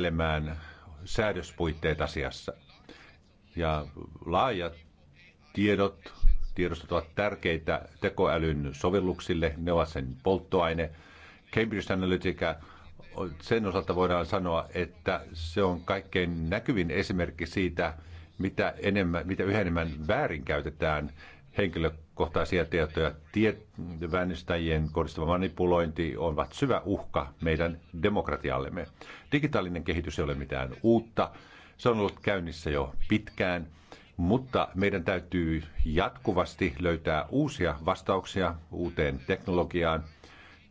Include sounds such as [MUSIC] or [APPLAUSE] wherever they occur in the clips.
määrittelemään säädöspuitteet asiassa. Ja laajat tiedot, tiedostot ovat tärkeitä tekoälyn sovelluksille, ne ovat sen polttoaine. Cambridge Analytica, sen osalta voidaan sanoa, että se on kaikkein näkyvin esimerkki siitä, mitä, enemmän, mitä yhä enemmän väärinkäytetään henkilö, henkilökohtaisia tietoja, tiedonväännistäjien kohdistuva manipulointi ovat syvä uhka meidän demokratiallemme. Digitaalinen kehitys ei ole mitään uutta. Se on ollut käynnissä jo pitkään, mutta meidän täytyy jatkuvasti löytää uusia vastauksia uuteen teknologiaan.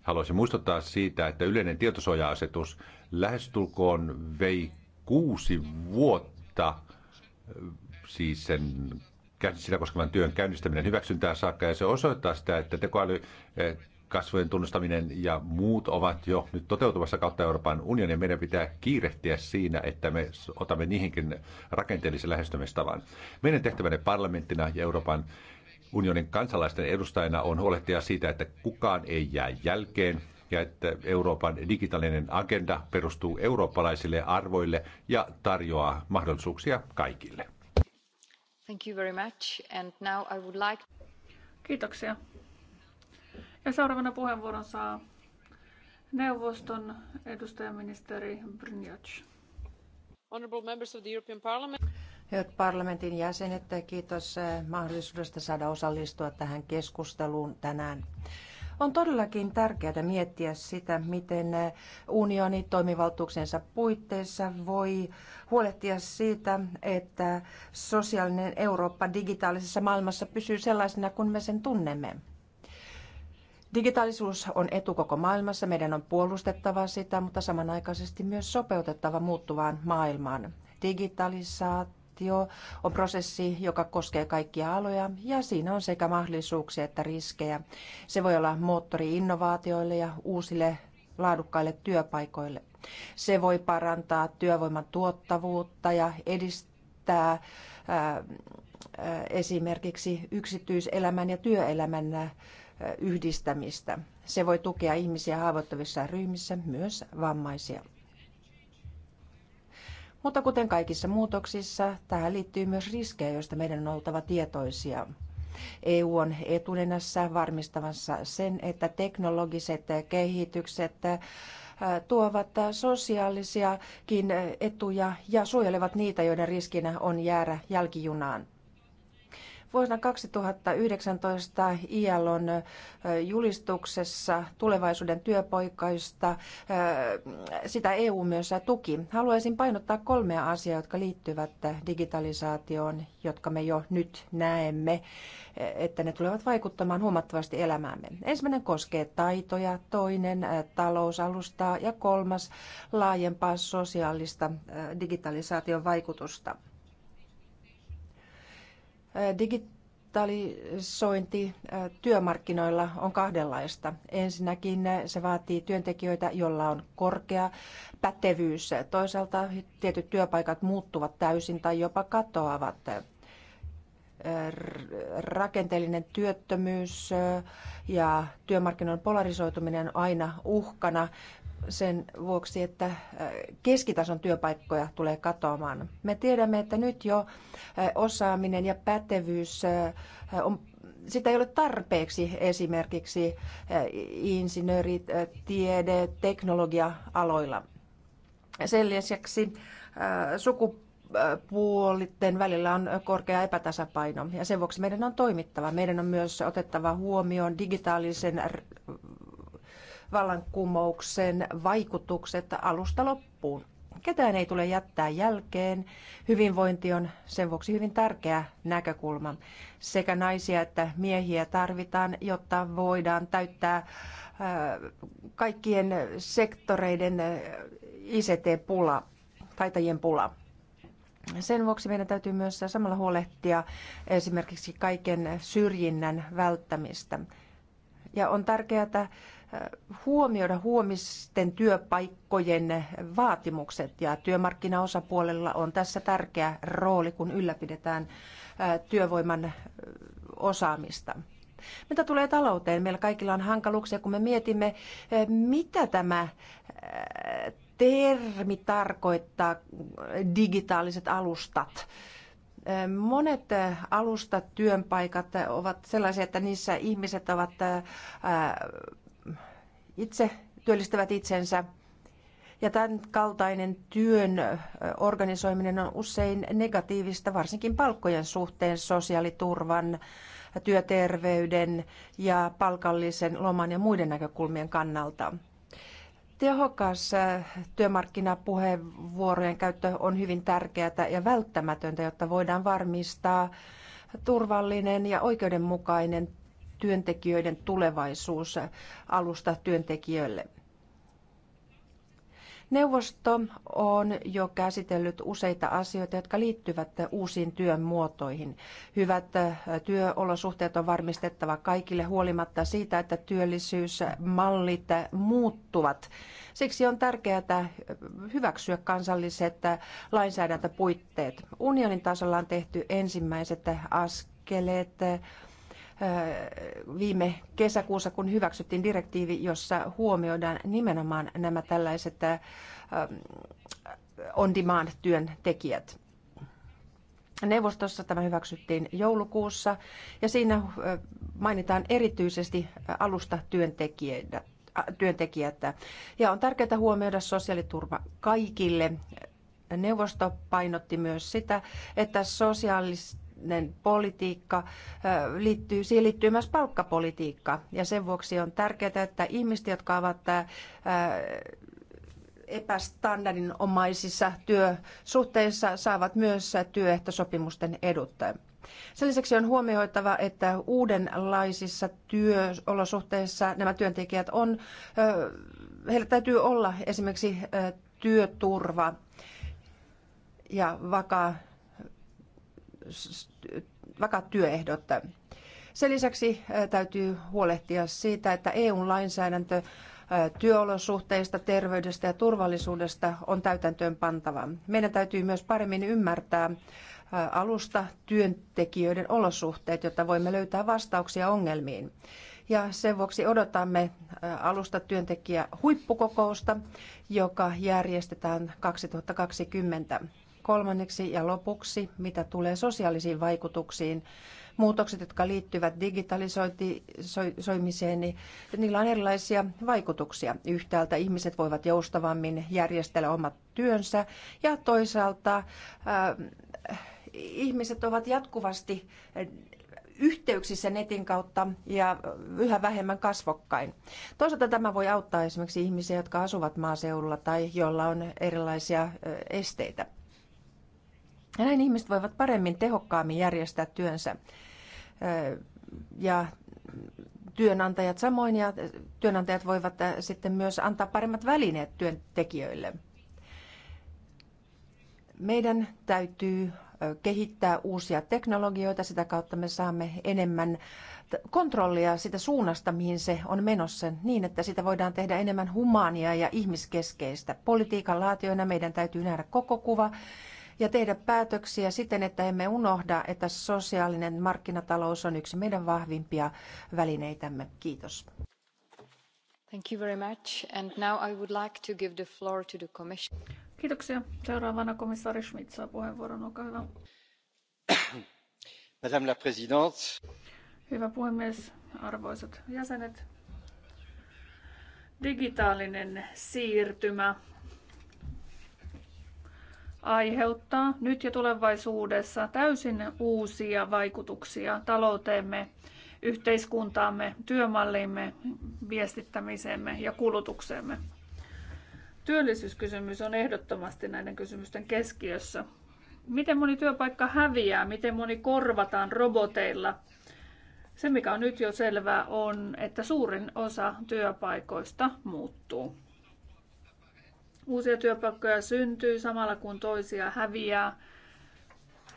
Haluaisin muistuttaa siitä, että yleinen tietosuoja-asetus lähestulkoon vei kuusi vuotta siis sen sitä koskevan työn käynnistäminen hyväksyntään saakka, ja se osoittaa sitä, että tekoäly eh, kasvojen tunnustaminen ja muut ovat jo nyt toteutumassa kautta Euroopan unionin. Meidän pitää kiirehtiä siinä, että me otamme niihinkin rakenteellisen lähestymistavan. Meidän tehtävänne parlamenttina ja Euroopan unionin kansalaisten edustajina on huolehtia siitä, että kukaan ei jää jälkeen ja että Euroopan digitaalinen agenda perustuu eurooppalaisille arvoille ja tarjoaa mahdollisuuksia kaikille. Thank you very much. now I would like... Kiitoksia. seuraavana puheenvuoron saa neuvoston edustajaministeri Brynjac. Honorable members of the European Parliament. Hyvät parlamentin jäsenet, kiitos eh, mahdollisuudesta saada osallistua tähän keskusteluun tänään. On todellakin tärkeää miettiä sitä, miten unioni toimivaltuuksensa puitteissa voi huolehtia siitä, että sosiaalinen Eurooppa digitaalisessa maailmassa pysyy sellaisena kuin me sen tunnemme. Digitaalisuus on etu koko maailmassa, meidän on puolustettava sitä, mutta samanaikaisesti myös sopeutettava muuttuvaan maailmaan. Digitalisaatio globalisaatio on prosessi, joka koskee kaikkia aloja ja siinä on sekä mahdollisuuksia että riskejä. Se voi olla moottori innovaatioille ja uusille laadukkaille työpaikoille. Se voi parantaa työvoiman tuottavuutta ja edistää ää, esimerkiksi yksityiselämän ja työelämän yhdistämistä. Se voi tukea ihmisiä haavoittuvissa ryhmissä, myös vammaisia. Mutta kuten kaikissa muutoksissa, tähän liittyy myös riskejä, joista meidän on oltava tietoisia. EU on etunenässä varmistavassa sen, että teknologiset kehitykset äh, tuovat sosiaalisiakin etuja ja suojelevat niitä, joiden riskinä on jäädä jälkijunaan. Vuonna 2019 ILOn julistuksessa tulevaisuuden työpaikoista sitä EU myös tuki. Haluaisin painottaa kolmea asiaa, jotka liittyvät digitalisaatioon, jotka me jo nyt näemme, että ne tulevat vaikuttamaan huomattavasti elämäämme. Ensimmäinen koskee taitoja, toinen talousalustaa ja kolmas laajempaa sosiaalista digitalisaation vaikutusta. Digitalisointi työmarkkinoilla on kahdenlaista. Ensinnäkin se vaatii työntekijöitä, joilla on korkea pätevyys. Toisaalta tietyt työpaikat muuttuvat täysin tai jopa katoavat rakenteellinen työttömyys ja työmarkkinoiden polarisoituminen on aina uhkana sen vuoksi, että äh, keskitason työpaikkoja tulee katoamaan. Me tiedämme, että nyt jo äh, osaaminen ja pätevyys äh, on sitä ei ole tarpeeksi esimerkiksi insinööri, tiede, teknologia-aloilla. Sen lisäksi sukupuolitten välillä on korkea epätasapaino ja sen vuoksi meidän on toimittava. Meidän on myös otettava huomioon digitaalisen vallankumouksen vaikutukset alusta loppuun. Ketään ei tule jättää jälkeen. Hyvinvointi on sen vuoksi hyvin tärkeä näkökulma. Sekä naisia että miehiä tarvitaan, jotta voidaan täyttää äh, kaikkien sektoreiden äh, ICT-pula, taitajien pula. Sen vuoksi meidän täytyy myös samalla huolehtia esimerkiksi kaiken syrjinnän välttämistä. Ja on tärkeää, että huomioida huomisten työpaikkojen vaatimukset ja työmarkkinaosapuolella on tässä tärkeä rooli, kun ylläpidetään työvoiman osaamista. Mitä tulee talouteen, meillä kaikilla on hankaluuksia, kun me mietimme, mitä tämä termi tarkoittaa, digitaaliset alustat. Monet työpaikat ovat sellaisia, että niissä ihmiset ovat itse työllistävät itsensä. Ja tämän kaltainen työn organisoiminen on usein negatiivista, varsinkin palkkojen suhteen, sosiaaliturvan, työterveyden ja palkallisen loman ja muiden näkökulmien kannalta. Tehokas työmarkkinapuheenvuorojen käyttö on hyvin tärkeää ja välttämätöntä, jotta voidaan varmistaa turvallinen ja oikeudenmukainen työntekijöiden tulevaisuus alusta työntekijöille. Neuvosto on jo käsitellyt useita asioita, jotka liittyvät uusiin työn muotoihin. Hyvät työolosuhteet on varmistettava kaikille huolimatta siitä, että työllisyysmallit muuttuvat. Siksi on tärkeää hyväksyä kansalliset lainsäädäntöpuitteet. Unionin tasolla on tehty ensimmäiset askeleet. askeleet viime kesäkuussa, kun hyväksyttiin direktiivi, jossa huomioidaan nimenomaan nämä tällaiset on-demand-työntekijät. Neuvostossa tämä hyväksyttiin joulukuussa ja siinä mainitaan erityisesti alusta Työntekijät. Ja on tärkeää huomioida sosiaaliturva kaikille neuvosto painotti myös sitä, että sosiaalista taloudellinen politiikka, liittyy, siihen liittyy myös palkkapolitiikka. Ja sen vuoksi on tärkeää, että ihmiset, jotka ovat epästandardinomaisissa työsuhteissa, saavat myös työehtosopimusten edut. Sen lisäksi on huomioitava, että uudenlaisissa työolosuhteissa nämä työntekijät on, heillä täytyy olla esimerkiksi työturva ja vakaa vakaat työehdot. Sen lisäksi täytyy huolehtia siitä, että EU-lainsäädäntö työolosuhteista, terveydestä ja turvallisuudesta on täytäntöön pantava. Meidän täytyy myös paremmin ymmärtää alusta työntekijöiden olosuhteet, jotta voimme löytää vastauksia ongelmiin. Ja sen vuoksi odotamme alusta työntekijä huippukokousta, joka järjestetään 2020. Kolmanneksi ja lopuksi, mitä tulee sosiaalisiin vaikutuksiin, muutokset, jotka liittyvät digitalisoimiseen, niin niillä on erilaisia vaikutuksia. Yhtäältä ihmiset voivat joustavammin järjestellä omat työnsä ja toisaalta äh, ihmiset ovat jatkuvasti äh, yhteyksissä netin kautta ja yhä vähemmän kasvokkain. Toisaalta tämä voi auttaa esimerkiksi ihmisiä, jotka asuvat maaseudulla tai joilla on erilaisia äh, esteitä. Ja näin ihmiset voivat paremmin, tehokkaammin järjestää työnsä. Ja työnantajat samoin, ja työnantajat voivat sitten myös antaa paremmat välineet työntekijöille. Meidän täytyy kehittää uusia teknologioita, sitä kautta me saamme enemmän kontrollia sitä suunnasta, mihin se on menossa, niin että sitä voidaan tehdä enemmän humaania ja ihmiskeskeistä. Politiikan laatioina meidän täytyy nähdä koko kuva ja tehdä päätöksiä siten, että emme unohda, että sosiaalinen markkinatalous on yksi meidän vahvimpia välineitämme. Kiitos. Thank you very much. And now I would like to give the floor to the commission. Kiitoksia. Seuraavana komissaari Schmidt saa puheenvuoron. Olkaa hyvä. [COUGHS] Madame la présidente. Hyvä puhemies, arvoisat jäsenet. Digitaalinen siirtymä aiheuttaa nyt ja tulevaisuudessa täysin uusia vaikutuksia talouteemme, yhteiskuntaamme, työmalliimme, viestittämiseemme ja kulutukseemme. Työllisyyskysymys on ehdottomasti näiden kysymysten keskiössä. Miten moni työpaikka häviää, miten moni korvataan roboteilla? Se, mikä on nyt jo selvää, on, että suurin osa työpaikoista muuttuu. Uusia työpaikkoja syntyy samalla kun toisia häviää.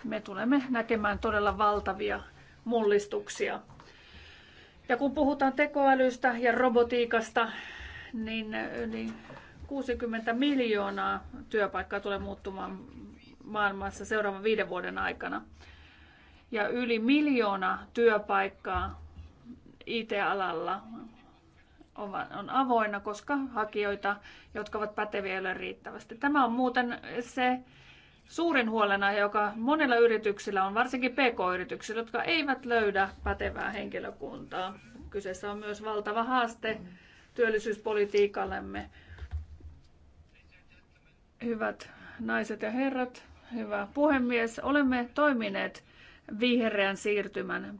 Me tulemme näkemään todella valtavia mullistuksia. Ja kun puhutaan tekoälystä ja robotiikasta, niin, niin yli 60 miljoonaa työpaikkaa tulee muuttumaan maailmassa seuraavan viiden vuoden aikana. Ja yli miljoona työpaikkaa IT-alalla on avoinna, koska hakijoita, jotka ovat päteviä, ei ole riittävästi. Tämä on muuten se suurin huolenaihe, joka monilla yrityksillä on, varsinkin pk-yrityksillä, jotka eivät löydä pätevää henkilökuntaa. Kyseessä on myös valtava haaste työllisyyspolitiikallemme. Hyvät naiset ja herrat, hyvä puhemies, olemme toimineet vihreän siirtymän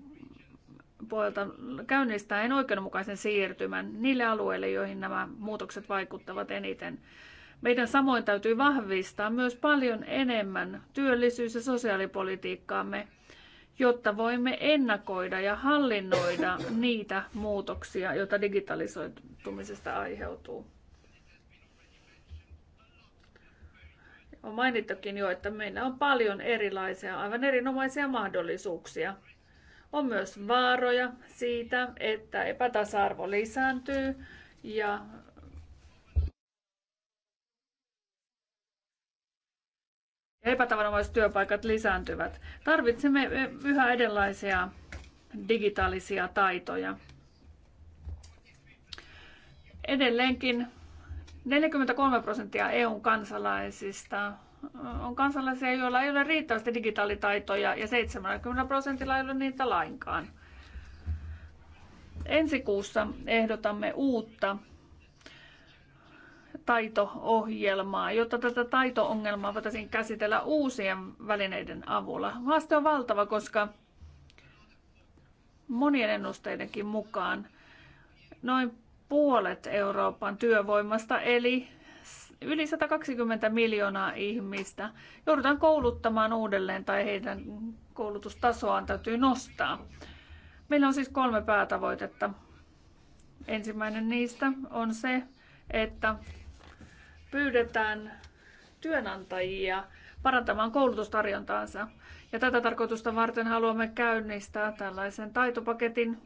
puolelta käynnistäen oikeudenmukaisen siirtymän niille alueille, joihin nämä muutokset vaikuttavat eniten. Meidän samoin täytyy vahvistaa myös paljon enemmän työllisyys- ja sosiaalipolitiikkaamme, jotta voimme ennakoida ja hallinnoida niitä muutoksia, joita digitalisoitumisesta aiheutuu. On mainittukin jo, että meillä on paljon erilaisia, aivan erinomaisia mahdollisuuksia – on myös vaaroja siitä, että epätasa-arvo lisääntyy ja epätavanomaiset työpaikat lisääntyvät. Tarvitsemme yhä erilaisia digitaalisia taitoja. Edelleenkin 43 prosenttia EUn kansalaisista on kansalaisia, joilla ei ole riittävästi digitaalitaitoja ja 70 prosentilla ei ole niitä lainkaan. Ensi kuussa ehdotamme uutta taito-ohjelmaa, jotta tätä taito-ongelmaa voitaisiin käsitellä uusien välineiden avulla. Haaste on valtava, koska monien ennusteidenkin mukaan noin puolet Euroopan työvoimasta, eli yli 120 miljoonaa ihmistä joudutaan kouluttamaan uudelleen tai heidän koulutustasoaan täytyy nostaa. Meillä on siis kolme päätavoitetta. Ensimmäinen niistä on se, että pyydetään työnantajia parantamaan koulutustarjontaansa. Ja tätä tarkoitusta varten haluamme käynnistää tällaisen taitopaketin,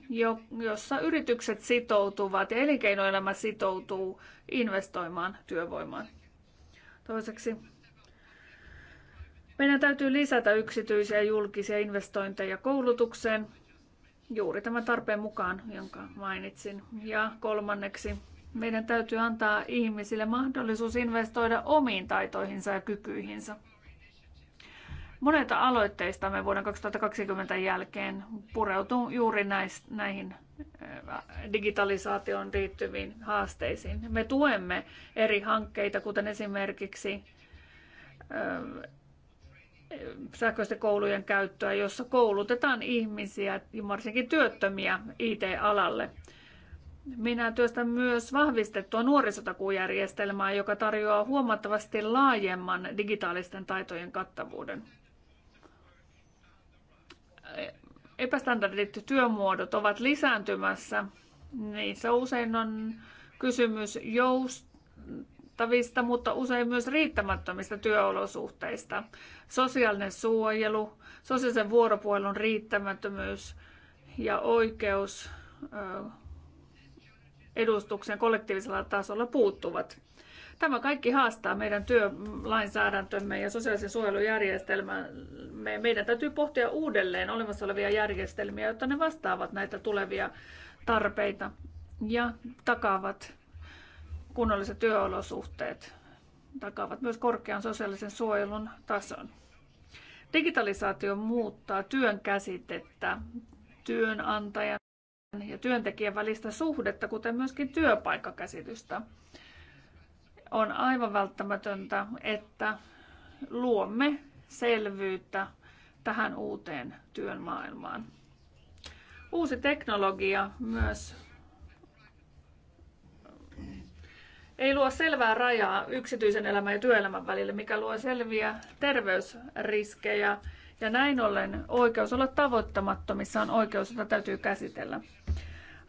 jossa yritykset sitoutuvat ja elinkeinoelämä sitoutuu investoimaan työvoimaan. Toiseksi meidän täytyy lisätä yksityisiä ja julkisia investointeja koulutukseen juuri tämän tarpeen mukaan, jonka mainitsin. Ja kolmanneksi meidän täytyy antaa ihmisille mahdollisuus investoida omiin taitoihinsa ja kykyihinsä. Monet aloitteistamme vuoden 2020 jälkeen pureutuu juuri näihin äh, digitalisaatioon liittyviin haasteisiin. Me tuemme eri hankkeita, kuten esimerkiksi äh, sähköisten koulujen käyttöä, jossa koulutetaan ihmisiä, varsinkin työttömiä, IT-alalle. Minä työstän myös vahvistettua nuorisotakujärjestelmää, joka tarjoaa huomattavasti laajemman digitaalisten taitojen kattavuuden epästandardit työmuodot ovat lisääntymässä. se usein on kysymys joustavista, mutta usein myös riittämättömistä työolosuhteista. Sosiaalinen suojelu, sosiaalisen vuoropuhelun riittämättömyys ja oikeus edustuksen kollektiivisella tasolla puuttuvat. Tämä kaikki haastaa meidän työlainsäädäntömme ja sosiaalisen suojelujärjestelmän Meidän täytyy pohtia uudelleen olemassa olevia järjestelmiä, jotta ne vastaavat näitä tulevia tarpeita ja takaavat kunnolliset työolosuhteet, takaavat myös korkean sosiaalisen suojelun tason. Digitalisaatio muuttaa työn käsitettä työnantajan ja työntekijän välistä suhdetta, kuten myöskin työpaikkakäsitystä on aivan välttämätöntä, että luomme selvyyttä tähän uuteen työn maailmaan. Uusi teknologia myös ei luo selvää rajaa yksityisen elämän ja työelämän välille, mikä luo selviä terveysriskejä. Ja näin ollen oikeus olla tavoittamattomissa on oikeus, jota täytyy käsitellä.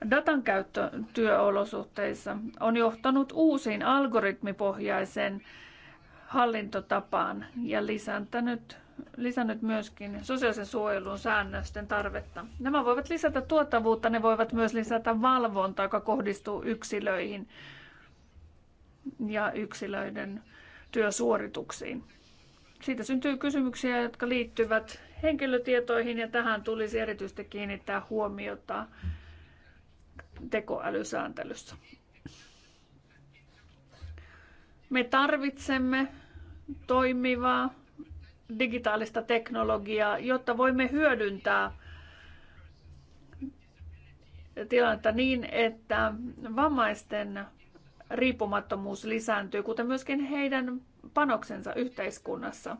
Datan käyttö työolosuhteissa on johtanut uusiin algoritmipohjaiseen hallintotapaan ja lisännyt, lisännyt myöskin sosiaalisen suojelun säännösten tarvetta. Nämä voivat lisätä tuottavuutta, ne voivat myös lisätä valvontaa, joka kohdistuu yksilöihin ja yksilöiden työsuorituksiin. Siitä syntyy kysymyksiä, jotka liittyvät henkilötietoihin ja tähän tulisi erityisesti kiinnittää huomiota tekoälysääntelyssä. Me tarvitsemme toimivaa digitaalista teknologiaa, jotta voimme hyödyntää tilannetta niin, että vammaisten riippumattomuus lisääntyy, kuten myöskin heidän panoksensa yhteiskunnassa.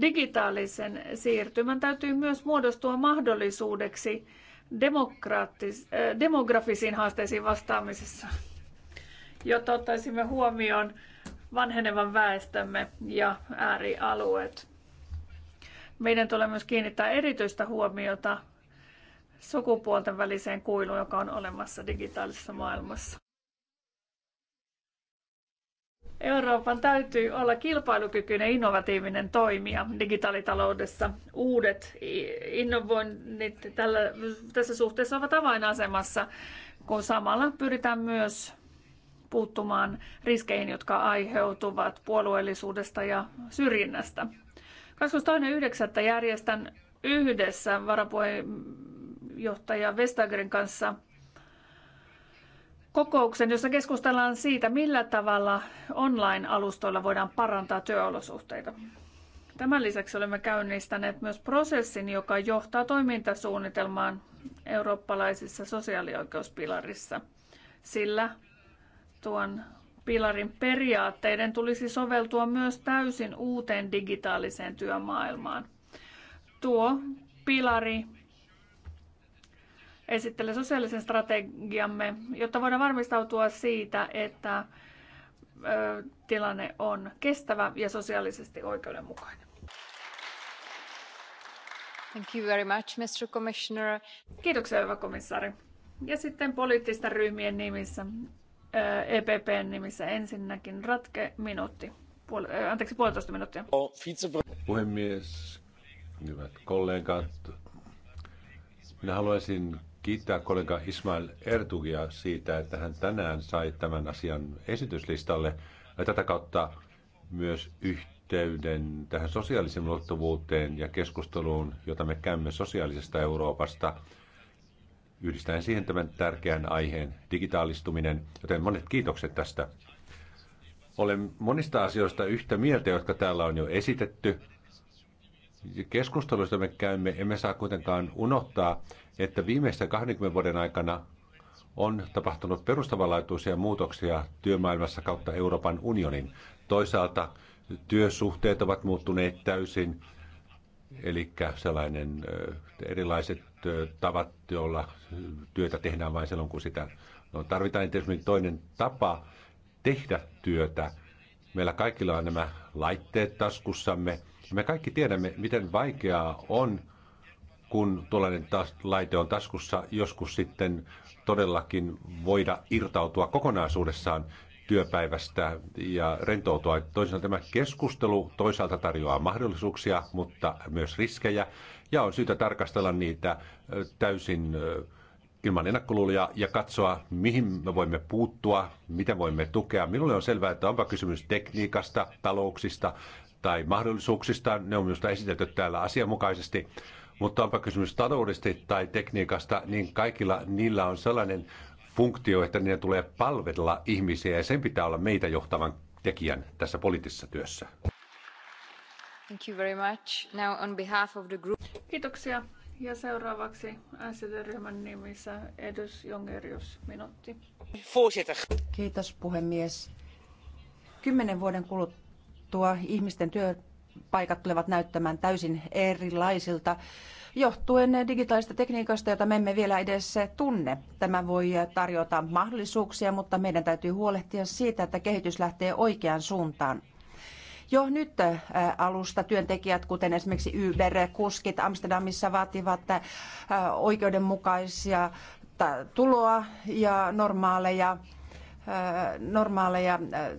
Digitaalisen siirtymän täytyy myös muodostua mahdollisuudeksi demokraattis- äh, demografisiin haasteisiin vastaamisessa, jotta ottaisimme huomioon vanhenevan väestömme ja äärialueet. Meidän tulee myös kiinnittää erityistä huomiota sukupuolten väliseen kuiluun, joka on olemassa digitaalisessa maailmassa. Euroopan täytyy olla kilpailukykyinen, innovatiivinen toimija digitaalitaloudessa. Uudet innovoinnit tällä, tässä suhteessa ovat avainasemassa, kun samalla pyritään myös puuttumaan riskeihin, jotka aiheutuvat puolueellisuudesta ja syrjinnästä. 22.9. järjestän yhdessä varapuheenjohtaja Vestagerin kanssa – kokouksen, jossa keskustellaan siitä, millä tavalla online-alustoilla voidaan parantaa työolosuhteita. Tämän lisäksi olemme käynnistäneet myös prosessin, joka johtaa toimintasuunnitelmaan eurooppalaisissa sosiaalioikeuspilarissa. Sillä tuon pilarin periaatteiden tulisi soveltua myös täysin uuteen digitaaliseen työmaailmaan. Tuo pilari esittelen sosiaalisen strategiamme, jotta voidaan varmistautua siitä, että tilanne on kestävä ja sosiaalisesti oikeudenmukainen. Thank you very much, Mr. Commissioner. Kiitoksia, hyvä komissaari. Ja sitten poliittisten ryhmien nimissä, EPPn nimissä ensinnäkin ratke minuutti. Puol- anteeksi, puolitoista minuuttia. Puhemies, hyvät kollegat, minä haluaisin kiittää kollega Ismail Ertugia siitä, että hän tänään sai tämän asian esityslistalle. Ja tätä kautta myös yhteyden tähän sosiaalisen ulottuvuuteen ja keskusteluun, jota me käymme sosiaalisesta Euroopasta, yhdistäen siihen tämän tärkeän aiheen digitaalistuminen, joten monet kiitokset tästä. Olen monista asioista yhtä mieltä, jotka täällä on jo esitetty keskusteluista me käymme, emme saa kuitenkaan unohtaa, että viimeisten 20 vuoden aikana on tapahtunut perustavanlaatuisia muutoksia työmaailmassa kautta Euroopan unionin. Toisaalta työsuhteet ovat muuttuneet täysin, eli sellainen erilaiset tavat, joilla työtä tehdään vain silloin, kun sitä no, tarvitaan. Tietysti toinen tapa tehdä työtä. Meillä kaikilla on nämä laitteet taskussamme – me kaikki tiedämme, miten vaikeaa on, kun tuollainen tas- laite on taskussa, joskus sitten todellakin voida irtautua kokonaisuudessaan työpäivästä ja rentoutua. Toisaalta tämä keskustelu toisaalta tarjoaa mahdollisuuksia, mutta myös riskejä, ja on syytä tarkastella niitä täysin ilman ennakkoluulia ja katsoa, mihin me voimme puuttua, miten voimme tukea. Minulle on selvää, että onpa kysymys tekniikasta, talouksista tai mahdollisuuksista Ne on minusta esitelty täällä asianmukaisesti. Mutta onpa kysymys taloudesta tai tekniikasta, niin kaikilla niillä on sellainen funktio, että niiden tulee palvella ihmisiä ja sen pitää olla meitä johtavan tekijän tässä poliittisessa työssä. Thank you very much. Now on behalf of the group... Kiitoksia. Ja seuraavaksi sd ryhmän nimissä Edus Jongerius, minuutti. Kiitos puhemies. Kymmenen vuoden kuluttua muuttua, ihmisten työpaikat tulevat näyttämään täysin erilaisilta johtuen digitaalista tekniikasta, jota me emme vielä edes tunne. Tämä voi tarjota mahdollisuuksia, mutta meidän täytyy huolehtia siitä, että kehitys lähtee oikeaan suuntaan. Jo nyt alusta työntekijät, kuten esimerkiksi Uber-kuskit Amsterdamissa, vaativat oikeudenmukaisia tuloa ja normaaleja normaaleja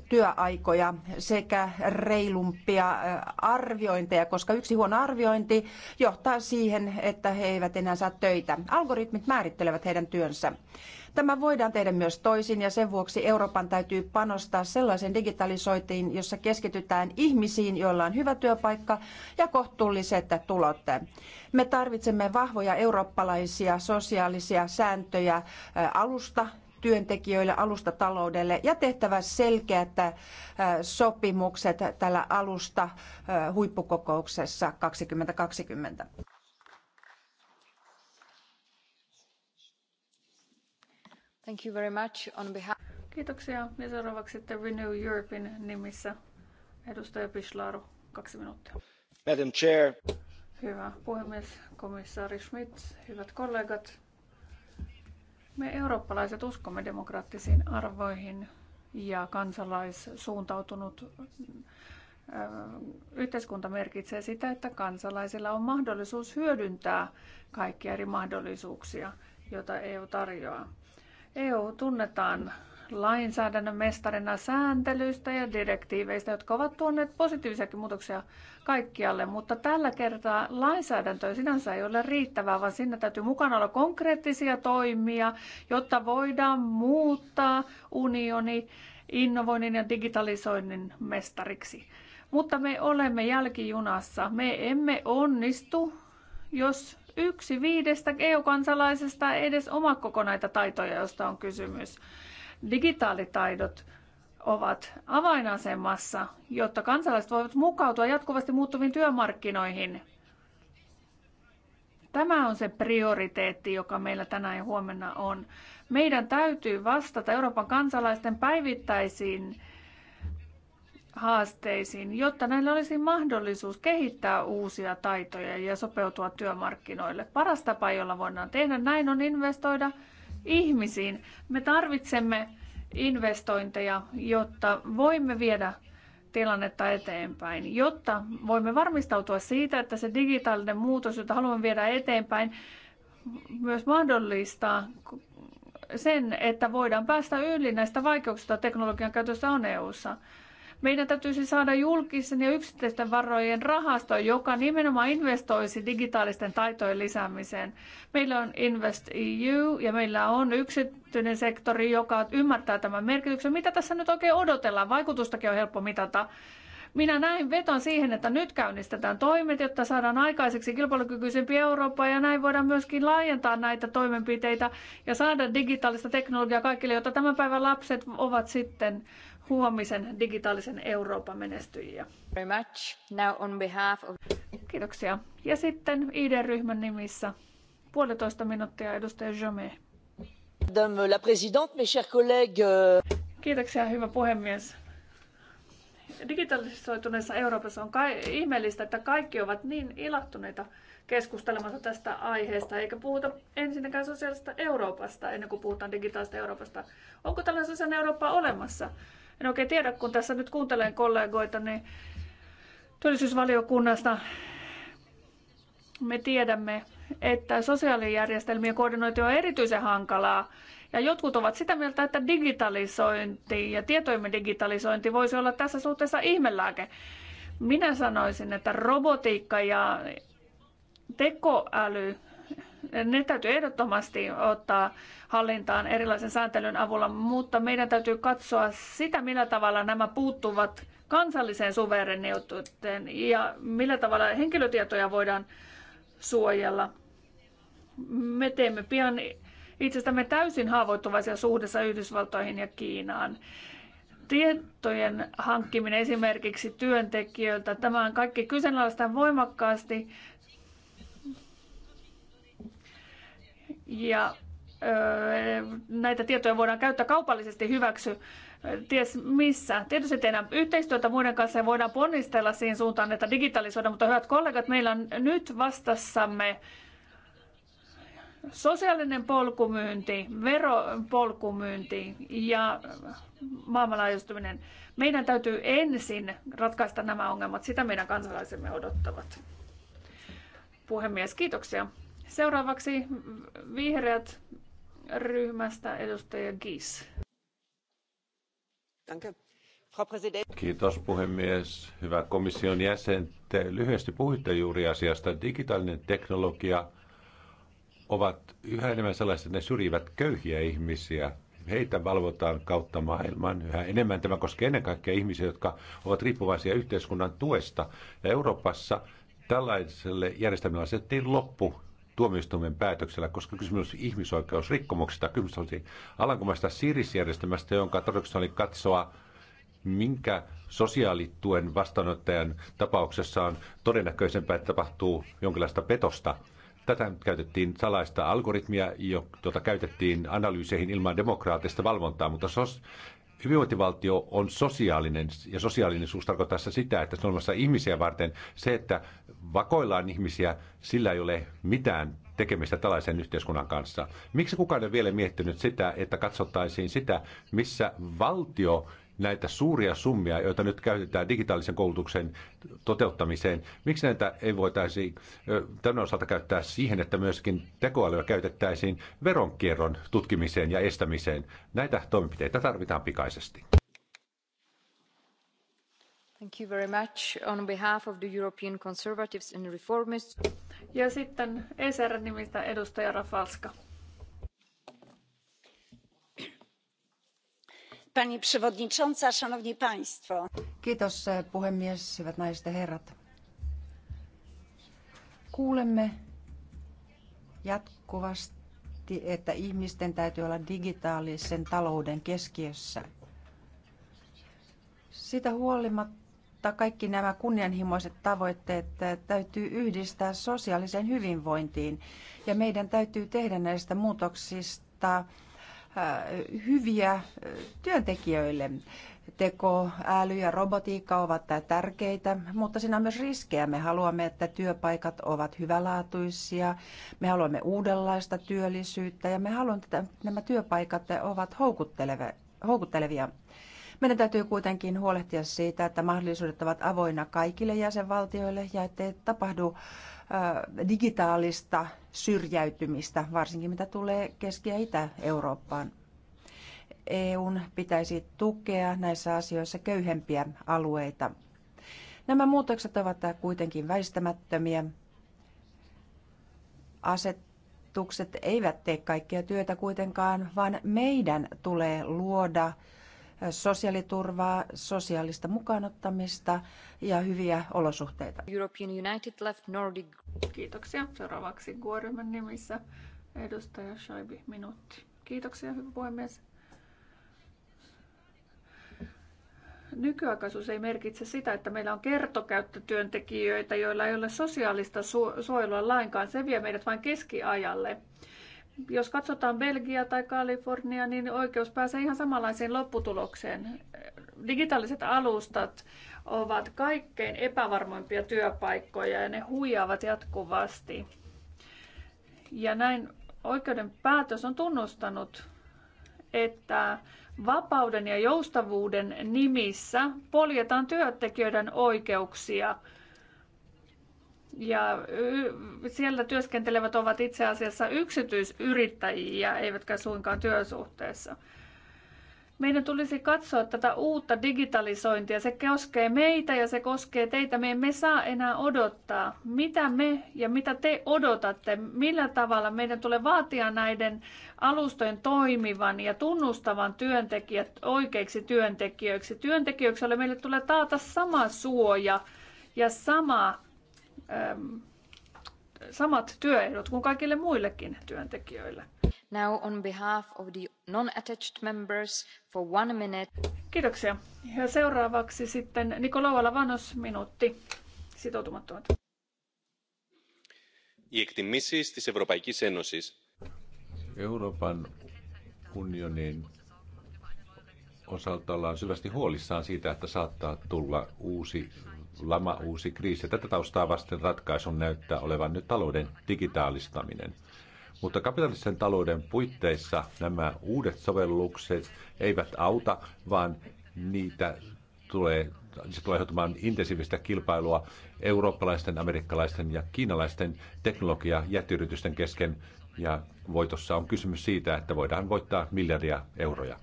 työaikoja sekä reilumpia arviointeja, koska yksi huono arviointi johtaa siihen, että he eivät enää saa töitä. Algoritmit määrittelevät heidän työnsä. Tämä voidaan tehdä myös toisin ja sen vuoksi Euroopan täytyy panostaa sellaisen digitalisointiin, jossa keskitytään ihmisiin, joilla on hyvä työpaikka ja kohtuulliset tulot. Me tarvitsemme vahvoja eurooppalaisia sosiaalisia sääntöjä alusta työntekijöille, alustataloudelle ja tehtävä selkeät äh, sopimukset tällä alusta äh, huippukokouksessa 2020. Thank you very much on behalf... Kiitoksia. Ja seuraavaksi sitten Renew Europein nimissä edustaja Pishlaru, kaksi minuuttia. Madam Chair. Hyvä puhemies, komissaari Schmidt, hyvät kollegat. Me eurooppalaiset uskomme demokraattisiin arvoihin ja kansalaissuuntautunut yhteiskunta merkitsee sitä, että kansalaisilla on mahdollisuus hyödyntää kaikkia eri mahdollisuuksia, joita EU tarjoaa. EU tunnetaan lainsäädännön mestarina sääntelyistä ja direktiiveistä, jotka ovat tuoneet positiivisiakin muutoksia kaikkialle, mutta tällä kertaa lainsäädäntö sinänsä ei ole riittävää, vaan siinä täytyy mukana olla konkreettisia toimia, jotta voidaan muuttaa unioni innovoinnin ja digitalisoinnin mestariksi. Mutta me olemme jälkijunassa. Me emme onnistu, jos yksi viidestä EU-kansalaisesta ei edes omakko näitä taitoja, joista on kysymys digitaalitaidot ovat avainasemassa, jotta kansalaiset voivat mukautua jatkuvasti muuttuviin työmarkkinoihin. Tämä on se prioriteetti, joka meillä tänään ja huomenna on. Meidän täytyy vastata Euroopan kansalaisten päivittäisiin haasteisiin, jotta näillä olisi mahdollisuus kehittää uusia taitoja ja sopeutua työmarkkinoille. Paras tapa, jolla voidaan tehdä näin, on investoida ihmisiin. Me tarvitsemme investointeja, jotta voimme viedä tilannetta eteenpäin, jotta voimme varmistautua siitä, että se digitaalinen muutos, jota haluamme viedä eteenpäin, myös mahdollistaa sen, että voidaan päästä yli näistä vaikeuksista, teknologian käytössä on EU:ssa. Meidän täytyisi saada julkisen ja yksityisten varojen rahasto, joka nimenomaan investoisi digitaalisten taitojen lisäämiseen. Meillä on Invest EU ja meillä on yksityinen sektori, joka ymmärtää tämän merkityksen. Mitä tässä nyt oikein odotellaan? Vaikutustakin on helppo mitata. Minä näin veton siihen, että nyt käynnistetään toimet, jotta saadaan aikaiseksi kilpailukykyisempi Eurooppa ja näin voidaan myöskin laajentaa näitä toimenpiteitä ja saada digitaalista teknologiaa kaikille, jotta tämän päivän lapset ovat sitten huomisen digitaalisen Euroopan menestyjiä. Very much. Now on behalf of... Kiitoksia. Ja sitten ID-ryhmän nimissä puolitoista minuuttia edustaja Jome. Madame la présidente, mes chers collègues. Euh- Kiitoksia, hyvä puhemies. Digitalisoituneessa Euroopassa on kai, ihmeellistä, että kaikki ovat niin ilahtuneita keskustelemassa tästä aiheesta, eikä puhuta ensinnäkään sosiaalista Euroopasta ennen kuin puhutaan digitaalista Euroopasta. Onko tällainen sosiaalinen Eurooppa olemassa? En oikein tiedä, kun tässä nyt kuuntelen kollegoita niin työllisyysvaliokunnasta. Me tiedämme, että sosiaalijärjestelmien koordinointi on erityisen hankalaa. Ja jotkut ovat sitä mieltä, että digitalisointi ja tietojen digitalisointi voisi olla tässä suhteessa ihmelääke. Minä sanoisin, että robotiikka ja tekoäly ne täytyy ehdottomasti ottaa hallintaan erilaisen sääntelyn avulla, mutta meidän täytyy katsoa sitä, millä tavalla nämä puuttuvat kansalliseen suvereniteettiin ja millä tavalla henkilötietoja voidaan suojella. Me teemme pian itsestämme täysin haavoittuvaisia suhdessa Yhdysvaltoihin ja Kiinaan. Tietojen hankkiminen esimerkiksi työntekijöiltä, tämä on kaikki kyseenalaistaan voimakkaasti ja näitä tietoja voidaan käyttää kaupallisesti hyväksy ties missä. Tietysti tehdään yhteistyötä muiden kanssa ja voidaan ponnistella siihen suuntaan, että digitalisoida, mutta hyvät kollegat, meillä on nyt vastassamme sosiaalinen polkumyynti, veropolkumyynti ja maailmanlaajuistuminen. Meidän täytyy ensin ratkaista nämä ongelmat, sitä meidän kansalaisemme odottavat. Puhemies, kiitoksia. Seuraavaksi vihreät ryhmästä edustaja Gis. Kiitos puhemies. Hyvä komission jäsen. Te lyhyesti puhuitte juuri asiasta. Digitaalinen teknologia ovat yhä enemmän sellaiset, että ne syrjivät köyhiä ihmisiä. Heitä valvotaan kautta maailman yhä enemmän. Tämä koskee ennen kaikkea ihmisiä, jotka ovat riippuvaisia yhteiskunnan tuesta. Ja Euroopassa tällaiselle järjestelmälle asettiin loppu tuomioistuimen päätöksellä, koska kysymys oli ihmisoikeusrikkomuksista. Kysymys oli alankomaista siirisjärjestelmästä, jonka tarkoituksena oli katsoa, minkä sosiaalituen vastaanottajan tapauksessa on todennäköisempää, että tapahtuu jonkinlaista petosta. Tätä käytettiin salaista algoritmia, jota käytettiin analyyseihin ilman demokraattista valvontaa, mutta sos- hyvinvointivaltio on sosiaalinen, ja suus tarkoittaa sitä, että se on olemassa ihmisiä varten. Se, että vakoillaan ihmisiä, sillä ei ole mitään tekemistä tällaisen yhteiskunnan kanssa. Miksi kukaan ei vielä miettinyt sitä, että katsottaisiin sitä, missä valtio näitä suuria summia, joita nyt käytetään digitaalisen koulutuksen toteuttamiseen, miksi näitä ei voitaisi tämän osalta käyttää siihen, että myöskin tekoälyä käytettäisiin veronkierron tutkimiseen ja estämiseen? Näitä toimenpiteitä tarvitaan pikaisesti. Ja sitten ECR-nimistä edustaja Rafalska. Pani przewodnicząca, szanowni państwo. Kiitos e, puhemies, hyvät naiset ja herrat. Kuulemme jatkuvasti, että ihmisten täytyy olla digitaalisen talouden keskiössä. Sitä huolimatta mutta kaikki nämä kunnianhimoiset tavoitteet eh, täytyy yhdistää sosiaaliseen hyvinvointiin ja meidän täytyy tehdä näistä muutoksista eh, hyviä eh, työntekijöille. Tekoäly ja robotiikka ovat tärkeitä, mutta siinä on myös riskejä. Me haluamme, että työpaikat ovat hyvälaatuisia, me haluamme uudenlaista työllisyyttä ja me haluamme, että nämä työpaikat ovat houkuttelevia meidän täytyy kuitenkin huolehtia siitä, että mahdollisuudet ovat avoinna kaikille jäsenvaltioille ja ettei tapahdu äh, digitaalista syrjäytymistä, varsinkin mitä tulee Keski- ja Itä-Eurooppaan. EUn pitäisi tukea näissä asioissa köyhempiä alueita. Nämä muutokset ovat kuitenkin väistämättömiä. Asetukset eivät tee kaikkea työtä kuitenkaan, vaan meidän tulee luoda sosiaaliturvaa, sosiaalista mukaanottamista ja hyviä olosuhteita. European United Left Nordic. Kiitoksia. Seuraavaksi Guoryhmän nimissä edustaja Shaibi minuutti. Kiitoksia, hyvä puhemies. nykyaikaisuus ei merkitse sitä, että meillä on kertokäyttötyöntekijöitä, joilla ei ole sosiaalista su- suojelua lainkaan. Se vie meidät vain keskiajalle jos katsotaan Belgia tai Kalifornia, niin oikeus pääsee ihan samanlaiseen lopputulokseen. Digitaaliset alustat ovat kaikkein epävarmoimpia työpaikkoja ja ne huijaavat jatkuvasti. Ja näin oikeuden päätös on tunnustanut, että vapauden ja joustavuuden nimissä poljetaan työntekijöiden oikeuksia – ja siellä työskentelevät ovat itse asiassa yksityisyrittäjiä, eivätkä suinkaan työsuhteessa. Meidän tulisi katsoa tätä uutta digitalisointia. Se koskee meitä ja se koskee teitä. Me emme saa enää odottaa, mitä me ja mitä te odotatte, millä tavalla meidän tulee vaatia näiden alustojen toimivan ja tunnustavan työntekijät oikeiksi työntekijöiksi. Työntekijöiksi meille tulee taata sama suoja ja sama Ähm, samat työehdot kuin kaikille muillekin työntekijöille. Now on behalf of the non-attached members for one minute. Kiitoksia. Ja seuraavaksi sitten Nikola Lavanos, minuutti. Sitoutumattomat. Οι εκτιμήσεις της Euroopan unionin osalta ollaan syvästi huolissaan siitä, että saattaa tulla uusi lama, uusi kriisi. Tätä taustaa vasten ratkaisun näyttää olevan nyt talouden digitaalistaminen. Mutta kapitalistisen talouden puitteissa nämä uudet sovellukset eivät auta, vaan niitä tulee, se tulee aiheuttamaan intensiivistä kilpailua eurooppalaisten, amerikkalaisten ja kiinalaisten teknologia- kesken. Ja voitossa on kysymys siitä, että voidaan voittaa miljardia euroja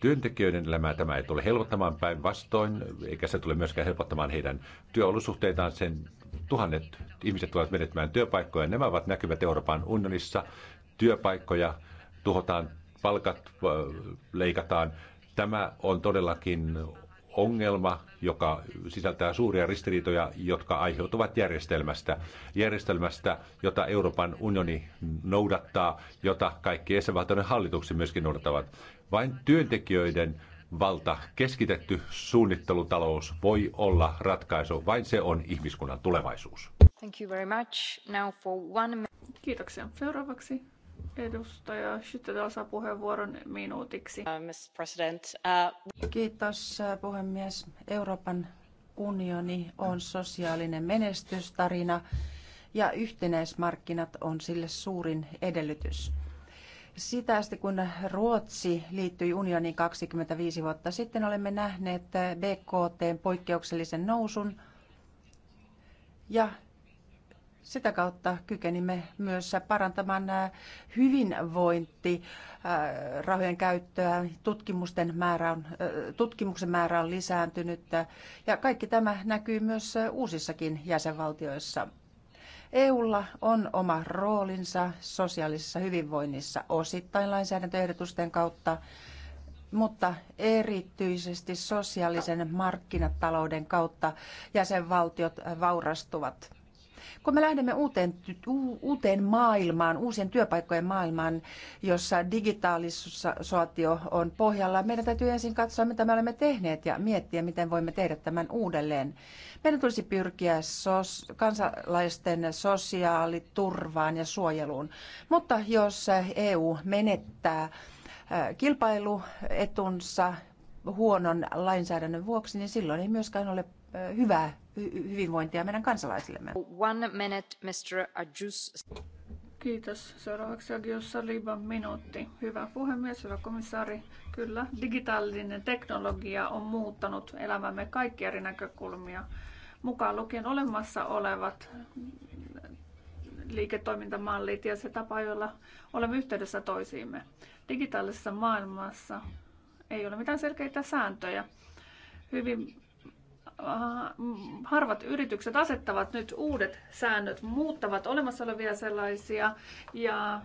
työntekijöiden elämää tämä ei tule helpottamaan päinvastoin, eikä se tule myöskään helpottamaan heidän työolosuhteitaan. Sen tuhannet ihmiset tulevat menettämään työpaikkoja. Nämä ovat näkyvät Euroopan unionissa. Työpaikkoja tuhotaan, palkat äh, leikataan. Tämä on todellakin ongelma, joka sisältää suuria ristiriitoja, jotka aiheutuvat järjestelmästä. Järjestelmästä, jota Euroopan unioni noudattaa, jota kaikki esivaltoinen hallitukset myöskin noudattavat. Vain työntekijöiden valta, keskitetty suunnittelutalous voi olla ratkaisu. Vain se on ihmiskunnan tulevaisuus. Thank you very much. Now for one... Kiitoksia. Seuraavaksi edustaja Schüttel saa puheenvuoron minuutiksi. Uh, Mr. President, uh... Kiitos uh, puhemies. Euroopan unioni on sosiaalinen menestystarina ja yhtenäismarkkinat on sille suurin edellytys sitä asti, kun Ruotsi liittyi unioniin 25 vuotta sitten, olemme nähneet BKTn poikkeuksellisen nousun ja sitä kautta kykenimme myös parantamaan hyvinvointi rahojen käyttöä, tutkimusten määrä on, tutkimuksen määrä on lisääntynyt ja kaikki tämä näkyy myös uusissakin jäsenvaltioissa. EUlla on oma roolinsa sosiaalisessa hyvinvoinnissa osittain lainsäädäntöehdotusten kautta, mutta erityisesti sosiaalisen markkinatalouden kautta jäsenvaltiot vaurastuvat. Kun me lähdemme uuteen, uuteen maailmaan, uusien työpaikkojen maailmaan, jossa digitaalisuussaatio on pohjalla, meidän täytyy ensin katsoa, mitä me olemme tehneet ja miettiä, miten voimme tehdä tämän uudelleen. Meidän tulisi pyrkiä sos, kansalaisten sosiaaliturvaan ja suojeluun. Mutta jos EU menettää äh, kilpailuetunsa huonon lainsäädännön vuoksi, niin silloin ei myöskään ole äh, hyvää hyvinvointia meidän kansalaisillemme. One minute, Mr. Ajus. Kiitos. Seuraavaksi Agios Saliba, minuutti. Hyvä puhemies, hyvä komissaari. Kyllä, digitaalinen teknologia on muuttanut elämämme kaikkia eri näkökulmia, mukaan lukien olemassa olevat liiketoimintamallit ja se tapa, jolla olemme yhteydessä toisiimme. Digitaalisessa maailmassa ei ole mitään selkeitä sääntöjä. Hyvin Äh, harvat yritykset asettavat nyt uudet säännöt, muuttavat olemassa olevia sellaisia ja äh,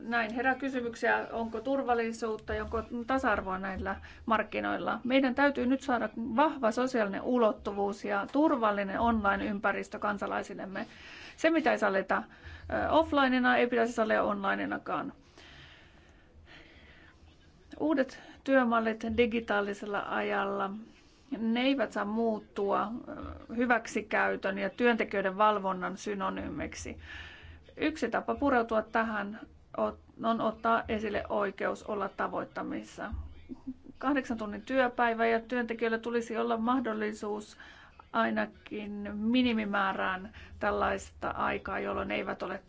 näin herää kysymyksiä, onko turvallisuutta, onko tasa-arvoa näillä markkinoilla. Meidän täytyy nyt saada vahva sosiaalinen ulottuvuus ja turvallinen online-ympäristö kansalaisillemme. Se, mitä ei saleta äh, offlineina, ei pitäisi saleta onlineinakaan. Uudet työmallit digitaalisella ajalla ne eivät saa muuttua hyväksikäytön ja työntekijöiden valvonnan synonyymeiksi. Yksi tapa pureutua tähän on ottaa esille oikeus olla tavoittamissa. Kahdeksan tunnin työpäivä ja työntekijöillä tulisi olla mahdollisuus ainakin minimimäärään tällaista aikaa, jolloin ne eivät ole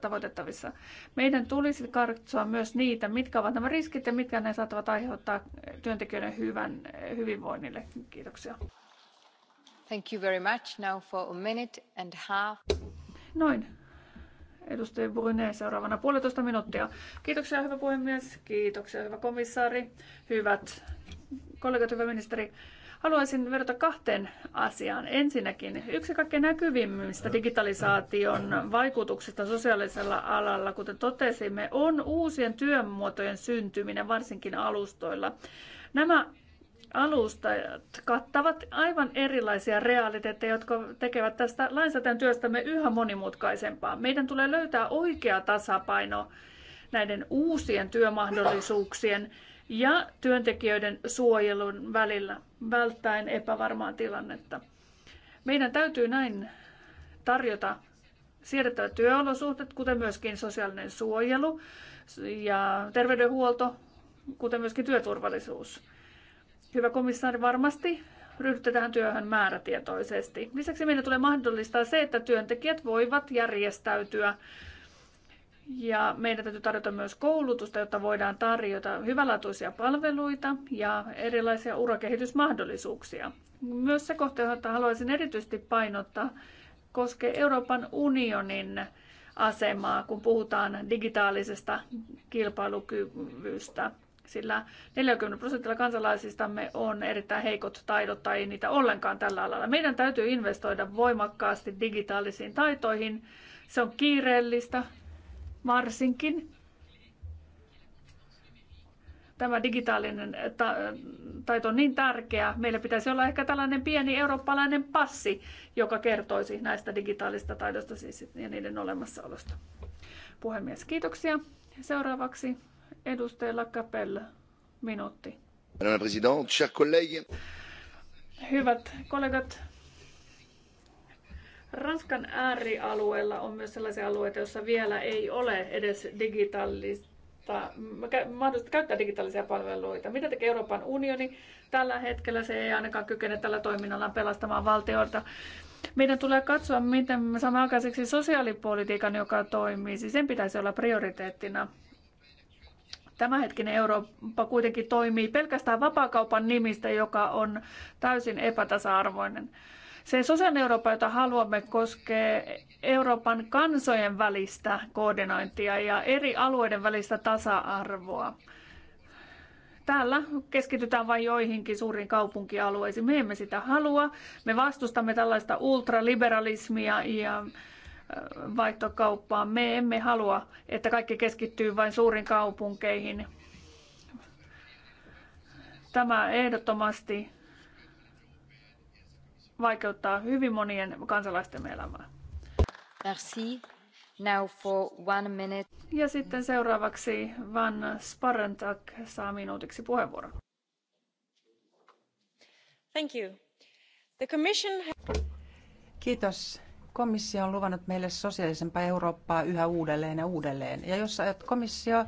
tavoitettavissa. Meidän tulisi katsoa myös niitä, mitkä ovat nämä riskit ja mitkä ne saattavat aiheuttaa työntekijöiden hyvän, hyvinvoinnille. Kiitoksia. Thank you very much. Now for a minute and a half. Noin. Edustaja Brune seuraavana puolitoista minuuttia. Kiitoksia hyvä puhemies, kiitoksia hyvä komissaari, hyvät kollegat, hyvä ministeri haluaisin verrata kahteen asiaan. Ensinnäkin yksi kaikkein näkyvimmistä digitalisaation vaikutuksista sosiaalisella alalla, kuten totesimme, on uusien työmuotojen syntyminen, varsinkin alustoilla. Nämä alustajat kattavat aivan erilaisia realiteetteja, jotka tekevät tästä lainsäädännön työstämme yhä monimutkaisempaa. Meidän tulee löytää oikea tasapaino näiden uusien työmahdollisuuksien ja työntekijöiden suojelun välillä välttäen epävarmaa tilannetta. Meidän täytyy näin tarjota siirrettävät työolosuhteet, kuten myöskin sosiaalinen suojelu ja terveydenhuolto, kuten myöskin työturvallisuus. Hyvä komissaari, varmasti ryhdytte tähän työhön määrätietoisesti. Lisäksi meidän tulee mahdollistaa se, että työntekijät voivat järjestäytyä ja meidän täytyy tarjota myös koulutusta, jotta voidaan tarjota hyvänlaatuisia palveluita ja erilaisia urakehitysmahdollisuuksia. Myös se kohta, jota haluaisin erityisesti painottaa, koskee Euroopan unionin asemaa, kun puhutaan digitaalisesta kilpailukyvystä. Sillä 40 prosentilla kansalaisistamme on erittäin heikot taidot tai ei niitä ollenkaan tällä alalla. Meidän täytyy investoida voimakkaasti digitaalisiin taitoihin. Se on kiireellistä, varsinkin tämä digitaalinen taito on niin tärkeä. Meillä pitäisi olla ehkä tällainen pieni eurooppalainen passi, joka kertoisi näistä digitaalista taidoista siis ja niiden olemassaolosta. Puhemies, kiitoksia. Seuraavaksi edustaja Lacapelle, minuutti. Madame la Présidente, chers collègues. Hyvät kollegat, Ranskan äärialueella on myös sellaisia alueita, joissa vielä ei ole edes digitaalista, mahdollista käyttää digitaalisia palveluita. Mitä tekee Euroopan unioni? Tällä hetkellä se ei ainakaan kykene tällä toiminnallaan pelastamaan valtioita. Meidän tulee katsoa, miten me saamme aikaiseksi sosiaalipolitiikan, joka toimii. Siis sen pitäisi olla prioriteettina. Tämänhetkinen Eurooppa kuitenkin toimii pelkästään vapaakaupan nimistä, joka on täysin epätasa-arvoinen. Se sosiaalinen Eurooppa, jota haluamme, koskee Euroopan kansojen välistä koordinointia ja eri alueiden välistä tasa-arvoa. Täällä keskitytään vain joihinkin suuriin kaupunkialueisiin. Me emme sitä halua. Me vastustamme tällaista ultraliberalismia ja vaihtokauppaa. Me emme halua, että kaikki keskittyy vain suuriin kaupunkeihin. Tämä ehdottomasti vaikeuttaa hyvin monien kansalaisten elämää. Merci. Now for one minute. Ja sitten seuraavaksi Van Sparentak saa minuutiksi puheenvuoron. Thank you. The commission... Kiitos. Komissio on luvannut meille sosiaalisempaa Eurooppaa yhä uudelleen ja uudelleen. Ja jos komissio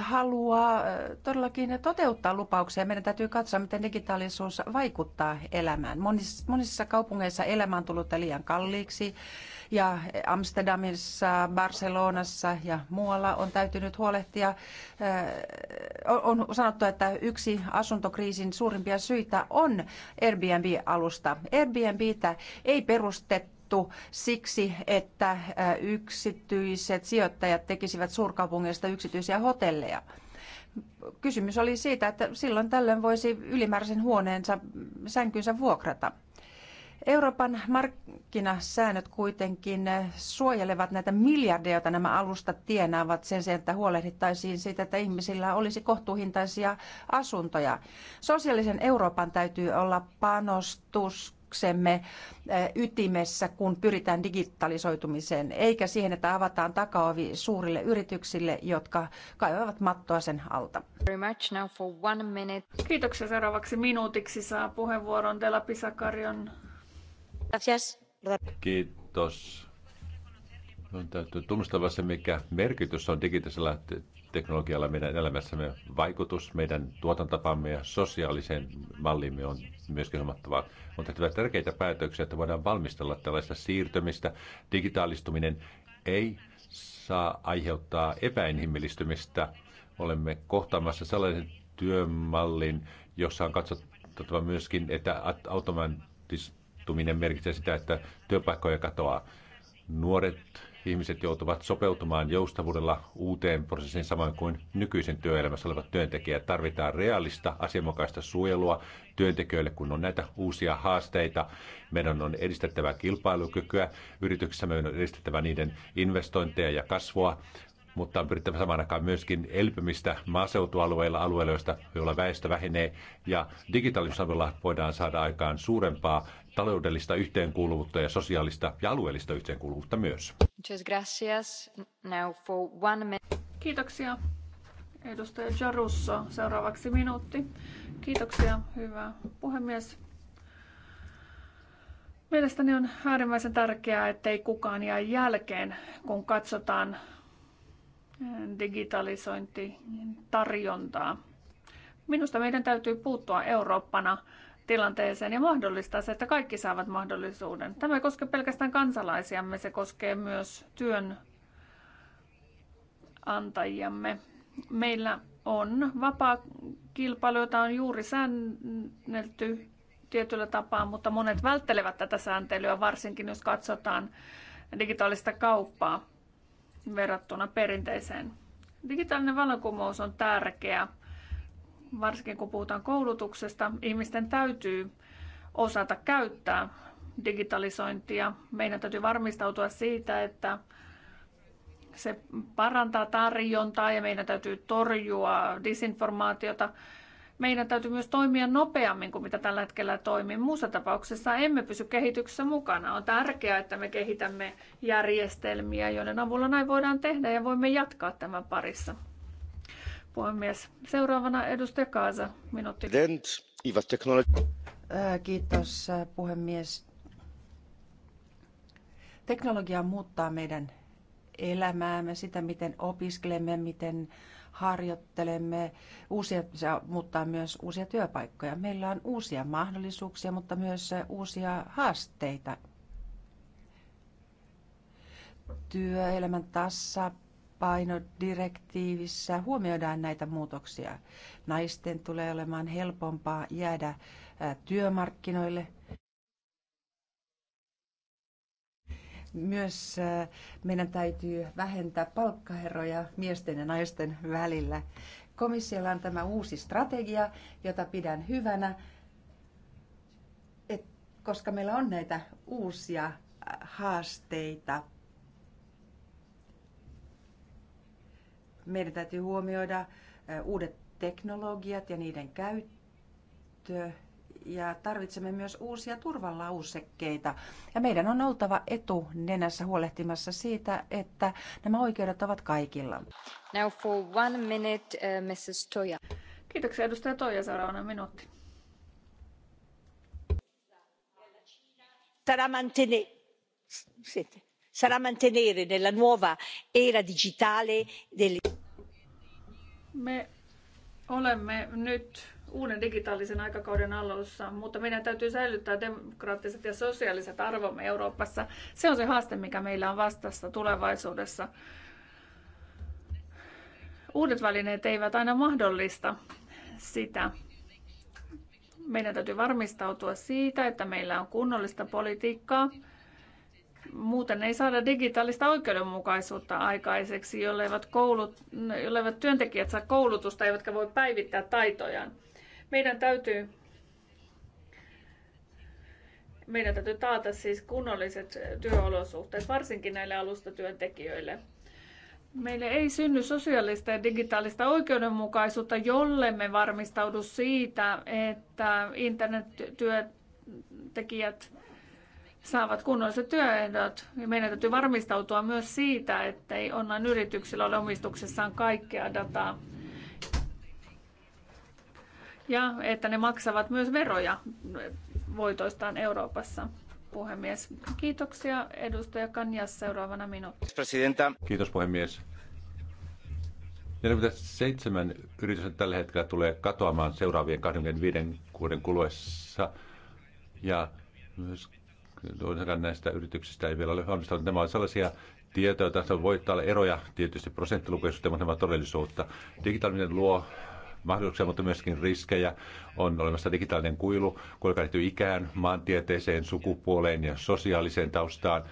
haluaa todellakin toteuttaa lupauksia. Meidän täytyy katsoa, miten digitaalisuus vaikuttaa elämään. Monissa, monissa kaupungeissa elämä on tullut liian kalliiksi ja Amsterdamissa, Barcelonassa ja muualla on täytynyt huolehtia. On sanottu, että yksi asuntokriisin suurimpia syitä on Airbnb-alusta. Airbnbtä ei perustettu luotu siksi, että yksityiset sijoittajat tekisivät suurkaupungeista yksityisiä hotelleja. Kysymys oli siitä, että silloin tällöin voisi ylimääräisen huoneensa sänkynsä vuokrata. Euroopan markkinasäännöt kuitenkin suojelevat näitä miljardeja, joita nämä alustat tienaavat sen sijaan, että huolehdittaisiin siitä, että ihmisillä olisi kohtuuhintaisia asuntoja. Sosiaalisen Euroopan täytyy olla panostus kehityksemme eh, ytimessä, kun pyritään digitalisoitumiseen, eikä siihen, että avataan takaovi suurille yrityksille, jotka kaivavat mattoa sen alta. Kiitoksia. Seuraavaksi minuutiksi saa puheenvuoron Dela Pisakarion. Kiitos. On täytyy tunnustaa se, mikä merkitys on digitaalisella teknologialla meidän elämässämme. Vaikutus meidän tuotantapamme ja sosiaaliseen mallimme on myöskin huomattavaa. On tehtävä tärkeitä päätöksiä, että voidaan valmistella tällaista siirtymistä. Digitaalistuminen ei saa aiheuttaa epäinhimillistymistä. Olemme kohtaamassa sellaisen työmallin, jossa on katsottava myöskin, että automaattistuminen merkitsee sitä, että työpaikkoja katoaa. Nuoret ihmiset joutuvat sopeutumaan joustavuudella uuteen prosessiin samoin kuin nykyisen työelämässä olevat työntekijät. Tarvitaan realista, asianmukaista suojelua työntekijöille, kun on näitä uusia haasteita. Meidän on edistettävä kilpailukykyä, yrityksessä meidän on edistettävä niiden investointeja ja kasvua mutta on pyrittävä samaan aikaan myöskin elpymistä maaseutualueilla, alueilla, joista, joilla väestö vähenee. Ja digitaalisuusavulla voidaan saada aikaan suurempaa taloudellista yhteenkuuluvuutta ja sosiaalista ja alueellista yhteenkuuluvuutta myös. Kiitoksia. Edustaja Jarusso, seuraavaksi minuutti. Kiitoksia, hyvä puhemies. Mielestäni on äärimmäisen tärkeää, ettei kukaan jää jälkeen, kun katsotaan digitalisointi tarjontaa. Minusta meidän täytyy puuttua Eurooppana tilanteeseen ja mahdollistaa se, että kaikki saavat mahdollisuuden. Tämä ei koske pelkästään kansalaisiamme, se koskee myös työnantajiamme. Meillä on vapaa kilpailu, jota on juuri säännelty tietyllä tapaa, mutta monet välttelevät tätä sääntelyä, varsinkin jos katsotaan digitaalista kauppaa verrattuna perinteiseen. Digitaalinen vallankumous on tärkeä, varsinkin kun puhutaan koulutuksesta. Ihmisten täytyy osata käyttää digitalisointia. Meidän täytyy varmistautua siitä, että se parantaa tarjontaa ja meidän täytyy torjua disinformaatiota meidän täytyy myös toimia nopeammin kuin mitä tällä hetkellä toimii. Muussa tapauksessa emme pysy kehityksessä mukana. On tärkeää, että me kehitämme järjestelmiä, joiden avulla näin voidaan tehdä ja voimme jatkaa tämän parissa. Puhemies, seuraavana edustaja Kaasa, minuutti. Äh, kiitos äh, puhemies. Teknologia muuttaa meidän elämäämme, sitä miten opiskelemme, miten harjoittelemme uusia, mutta myös uusia työpaikkoja. Meillä on uusia mahdollisuuksia, mutta myös uusia haasteita. Työelämän tasapainodirektiivissä huomioidaan näitä muutoksia. Naisten tulee olemaan helpompaa jäädä työmarkkinoille – Myös äh, meidän täytyy vähentää palkkaeroja miesten ja naisten välillä. Komissiolla on tämä uusi strategia, jota pidän hyvänä, et, koska meillä on näitä uusia äh, haasteita. Meidän täytyy huomioida äh, uudet teknologiat ja niiden käyttö ja tarvitsemme myös uusia turvalausekkeita. Ja meidän on oltava etu, nenässä huolehtimassa siitä, että nämä oikeudet ovat kaikilla. Now for one minute, uh, Mrs. Toja. Kiitoksia edustaja Toija, seuraavana minuutti. Sarà mantenere, sarà mantenere nella nuova era digitale delle... Me olemme nyt uuden digitaalisen aikakauden alussa, mutta meidän täytyy säilyttää demokraattiset ja sosiaaliset arvomme Euroopassa. Se on se haaste, mikä meillä on vastassa tulevaisuudessa. Uudet välineet eivät aina mahdollista sitä. Meidän täytyy varmistautua siitä, että meillä on kunnollista politiikkaa. Muuten ei saada digitaalista oikeudenmukaisuutta aikaiseksi, jolleivät, koulut, jolleivät työntekijät saa koulutusta eivätkä voi päivittää taitojaan. Meidän täytyy meidän täytyy taata siis kunnolliset työolosuhteet, varsinkin näille alustatyöntekijöille. Meille ei synny sosiaalista ja digitaalista oikeudenmukaisuutta, jolle me varmistaudu siitä, että internettyöntekijät saavat kunnolliset työehdot. Ja meidän täytyy varmistautua myös siitä, että ei online-yrityksillä ole omistuksessaan kaikkea dataa ja että ne maksavat myös veroja voitoistaan Euroopassa. Puhemies, kiitoksia. Edustaja Kanjas seuraavana minuutti. Kiitos puhemies. 47 yritys tällä hetkellä tulee katoamaan seuraavien 25 kuuden kuluessa. Ja myös näistä yrityksistä ei vielä ole valmistautunut Nämä ovat sellaisia tietoja, joita voi olla eroja tietysti prosenttilukuisuuteen, mutta nämä todellisuutta. Digitaalinen luo mahdollisuuksia, mutta myöskin riskejä. On olemassa digitaalinen kuilu, joka liittyy ikään, maantieteeseen, sukupuoleen ja sosiaaliseen taustaan.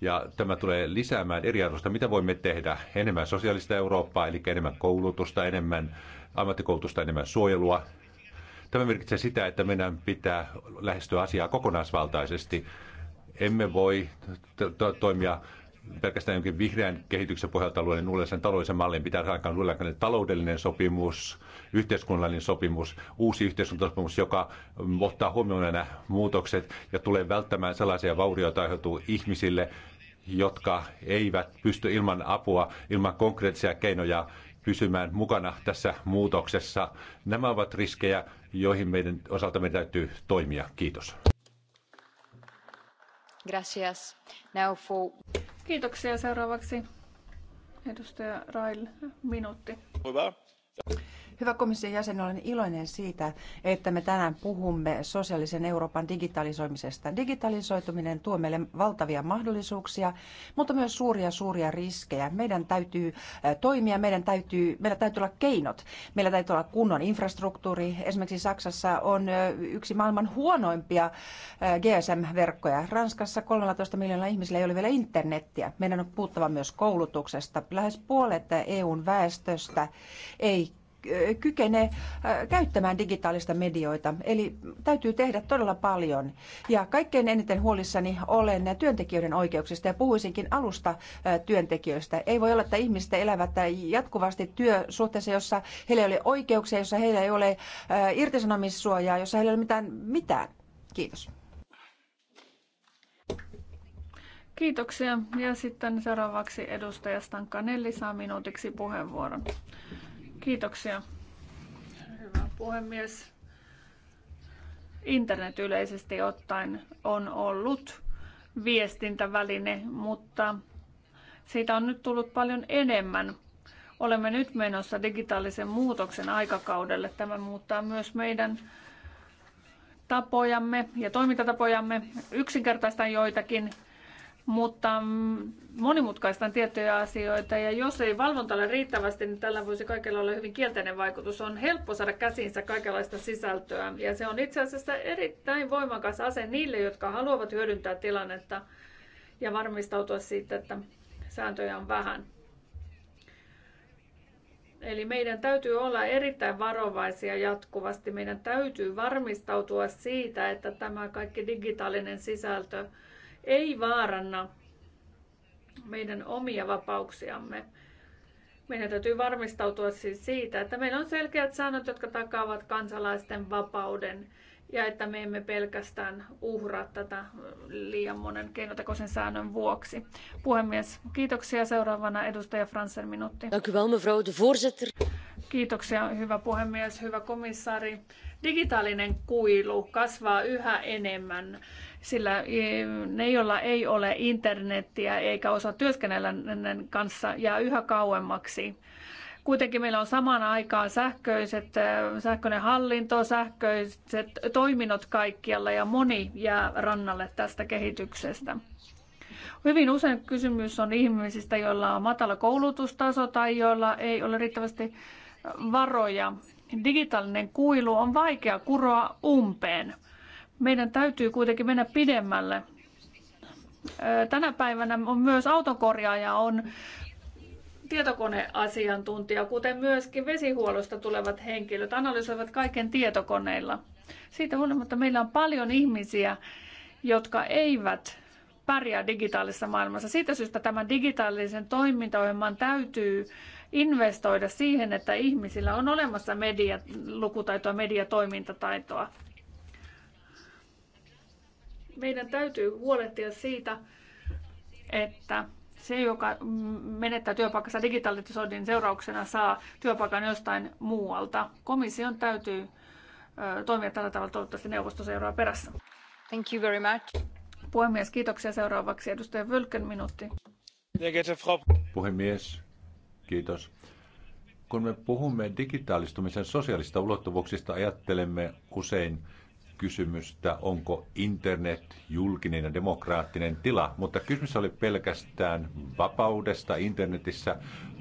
Ja tämä tulee lisäämään eriarvoista, mitä voimme tehdä. Enemmän sosiaalista Eurooppaa, eli enemmän koulutusta, enemmän ammattikoulutusta, enemmän suojelua. Tämä merkitsee sitä, että meidän pitää lähestyä asiaa kokonaisvaltaisesti. Emme voi toimia pelkästään jonkin vihreän kehityksen pohjalta luoden uudenlaisen taloudellisen mallin pitää saada uudenlainen taloudellinen sopimus, yhteiskunnallinen sopimus, uusi yhteiskuntasopimus, joka ottaa huomioon nämä muutokset ja tulee välttämään sellaisia vaurioita aiheutuu ihmisille, jotka eivät pysty ilman apua, ilman konkreettisia keinoja pysymään mukana tässä muutoksessa. Nämä ovat riskejä, joihin meidän osalta meidän täytyy toimia. Kiitos. Gracias. Now for... Kiitoksia. Seuraavaksi edustaja Rail, minuutti. Hyvä. Hyvä komission jäsen, olen iloinen siitä, että me tänään puhumme sosiaalisen Euroopan digitalisoimisesta. Digitalisoituminen tuo meille valtavia mahdollisuuksia, mutta myös suuria suuria riskejä. Meidän täytyy äh, toimia, meidän täytyy, meillä täytyy olla keinot, meillä täytyy olla kunnon infrastruktuuri. Esimerkiksi Saksassa on äh, yksi maailman huonoimpia äh, GSM-verkkoja. Ranskassa 13 miljoonaa ihmisillä ei ole vielä internettiä. Meidän on puuttava myös koulutuksesta. Lähes puolet EUn väestöstä ei kykene äh, käyttämään digitaalista medioita. Eli täytyy tehdä todella paljon. Ja kaikkein eniten huolissani olen työntekijöiden oikeuksista ja puhuisinkin alusta äh, työntekijöistä. Ei voi olla, että ihmiset elävät äh, jatkuvasti työsuhteessa, jossa heillä ei ole oikeuksia, jossa heillä ei ole irtisanomissuojaa, jossa heillä ei ole mitään. mitään. Kiitos. Kiitoksia. Ja sitten seuraavaksi edustaja Nelli saa minuutiksi puheenvuoron. Kiitoksia. Hyvä puhemies. Internet yleisesti ottaen on ollut viestintäväline, mutta siitä on nyt tullut paljon enemmän. Olemme nyt menossa digitaalisen muutoksen aikakaudelle. Tämä muuttaa myös meidän tapojamme ja toimintatapojamme, Yksinkertaistan joitakin mutta mm, monimutkaistan tiettyjä asioita ja jos ei valvonta ole riittävästi, niin tällä voisi kaikilla olla hyvin kielteinen vaikutus. On helppo saada käsiinsä kaikenlaista sisältöä ja se on itse asiassa erittäin voimakas ase niille, jotka haluavat hyödyntää tilannetta ja varmistautua siitä, että sääntöjä on vähän. Eli meidän täytyy olla erittäin varovaisia jatkuvasti. Meidän täytyy varmistautua siitä, että tämä kaikki digitaalinen sisältö – ei vaaranna meidän omia vapauksiamme. Meidän täytyy varmistautua siis siitä, että meillä on selkeät säännöt, jotka takaavat kansalaisten vapauden ja että me emme pelkästään uhraa tätä liian monen keinotekoisen säännön vuoksi. Puhemies, kiitoksia. Seuraavana edustaja Fransen minuutti. Kiitoksia, hyvä puhemies, hyvä komissaari. Digitaalinen kuilu kasvaa yhä enemmän sillä e, ne, joilla ei ole internettiä eikä osaa työskennellä kanssa, jää yhä kauemmaksi. Kuitenkin meillä on samaan aikaan sähköiset, e, sähköinen hallinto, sähköiset toiminnot kaikkialla ja moni jää rannalle tästä kehityksestä. Hyvin usein kysymys on ihmisistä, joilla on matala koulutustaso tai joilla ei ole riittävästi varoja. Digitaalinen kuilu on vaikea kuroa umpeen. Meidän täytyy kuitenkin mennä pidemmälle. Tänä päivänä on myös autokorjaaja on tietokoneasiantuntija, kuten myöskin vesihuollosta tulevat henkilöt analysoivat kaiken tietokoneilla. Siitä huolimatta meillä on paljon ihmisiä, jotka eivät pärjää digitaalisessa maailmassa. Siitä syystä tämän digitaalisen toimintaohjelman täytyy investoida siihen, että ihmisillä on olemassa media, lukutaitoa, mediatoimintataitoa meidän täytyy huolehtia siitä, että se, joka menettää työpaikkansa digitalisoinnin seurauksena, saa työpaikan jostain muualta. Komission täytyy toimia tällä tavalla. Toivottavasti neuvosto seuraa perässä. Thank you very much. Puhemies, kiitoksia. Seuraavaksi edustaja Völken minuutti. Puhemies, kiitos. Kun me puhumme digitaalistumisen sosiaalista ulottuvuuksista, ajattelemme usein kysymystä, onko internet julkinen ja demokraattinen tila, mutta kysymys oli pelkästään vapaudesta internetissä,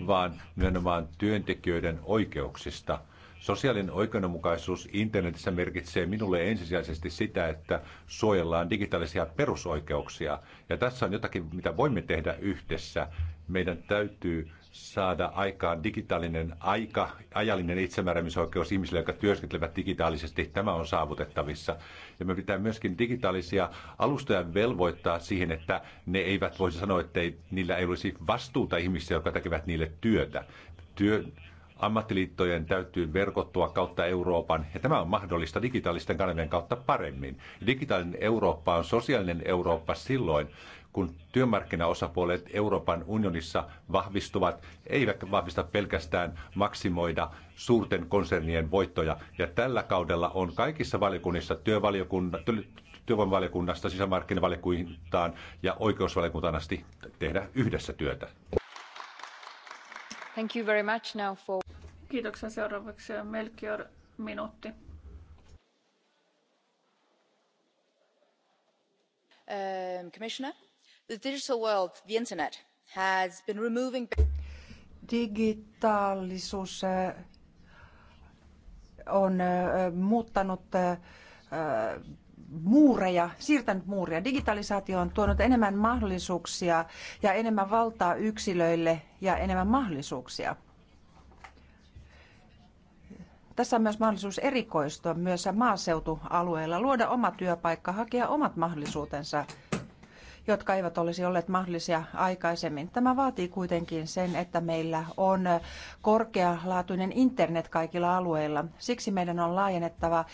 vaan nimenomaan työntekijöiden oikeuksista. Sosiaalinen oikeudenmukaisuus internetissä merkitsee minulle ensisijaisesti sitä, että suojellaan digitaalisia perusoikeuksia. Ja tässä on jotakin, mitä voimme tehdä yhdessä. Meidän täytyy saada aikaan digitaalinen aika, ajallinen itsemääräämisoikeus ihmisille, jotka työskentelevät digitaalisesti. Tämä on saavutettavissa. Ja me pitää myöskin digitaalisia alustoja velvoittaa siihen, että ne eivät voisi sanoa, että ei, niillä ei olisi vastuuta ihmisiä, jotka tekevät niille työtä. Työ, ammattiliittojen täytyy verkottua kautta Euroopan, ja tämä on mahdollista digitaalisten kanavien kautta paremmin. Digitaalinen Eurooppa on sosiaalinen Eurooppa silloin, kun työmarkkinaosapuolet Euroopan unionissa vahvistuvat, eivät vahvista pelkästään maksimoida suurten konsernien voittoja. Ja tällä kaudella on kaikissa valiokunnissa, työvaliokunta, työvoimavaliokunnasta sisämarkkinavaliokuntaan ja oikeusvaliokuntaan asti tehdä yhdessä työtä. Thank you very much now for... Kiitoksia seuraavaksi Melkior, minuutti. Um, commissioner? Digitaalisuus on muuttanut muureja, siirtänyt muureja. Digitalisaatio on tuonut enemmän mahdollisuuksia ja enemmän valtaa yksilöille ja enemmän mahdollisuuksia. Tässä on myös mahdollisuus erikoistua myös maaseutualueilla, luoda oma työpaikka, hakea omat mahdollisuutensa jotka eivät olisi olleet mahdollisia aikaisemmin. Tämä vaatii kuitenkin sen, että meillä on korkealaatuinen internet kaikilla alueilla. Siksi meidän on laajennettava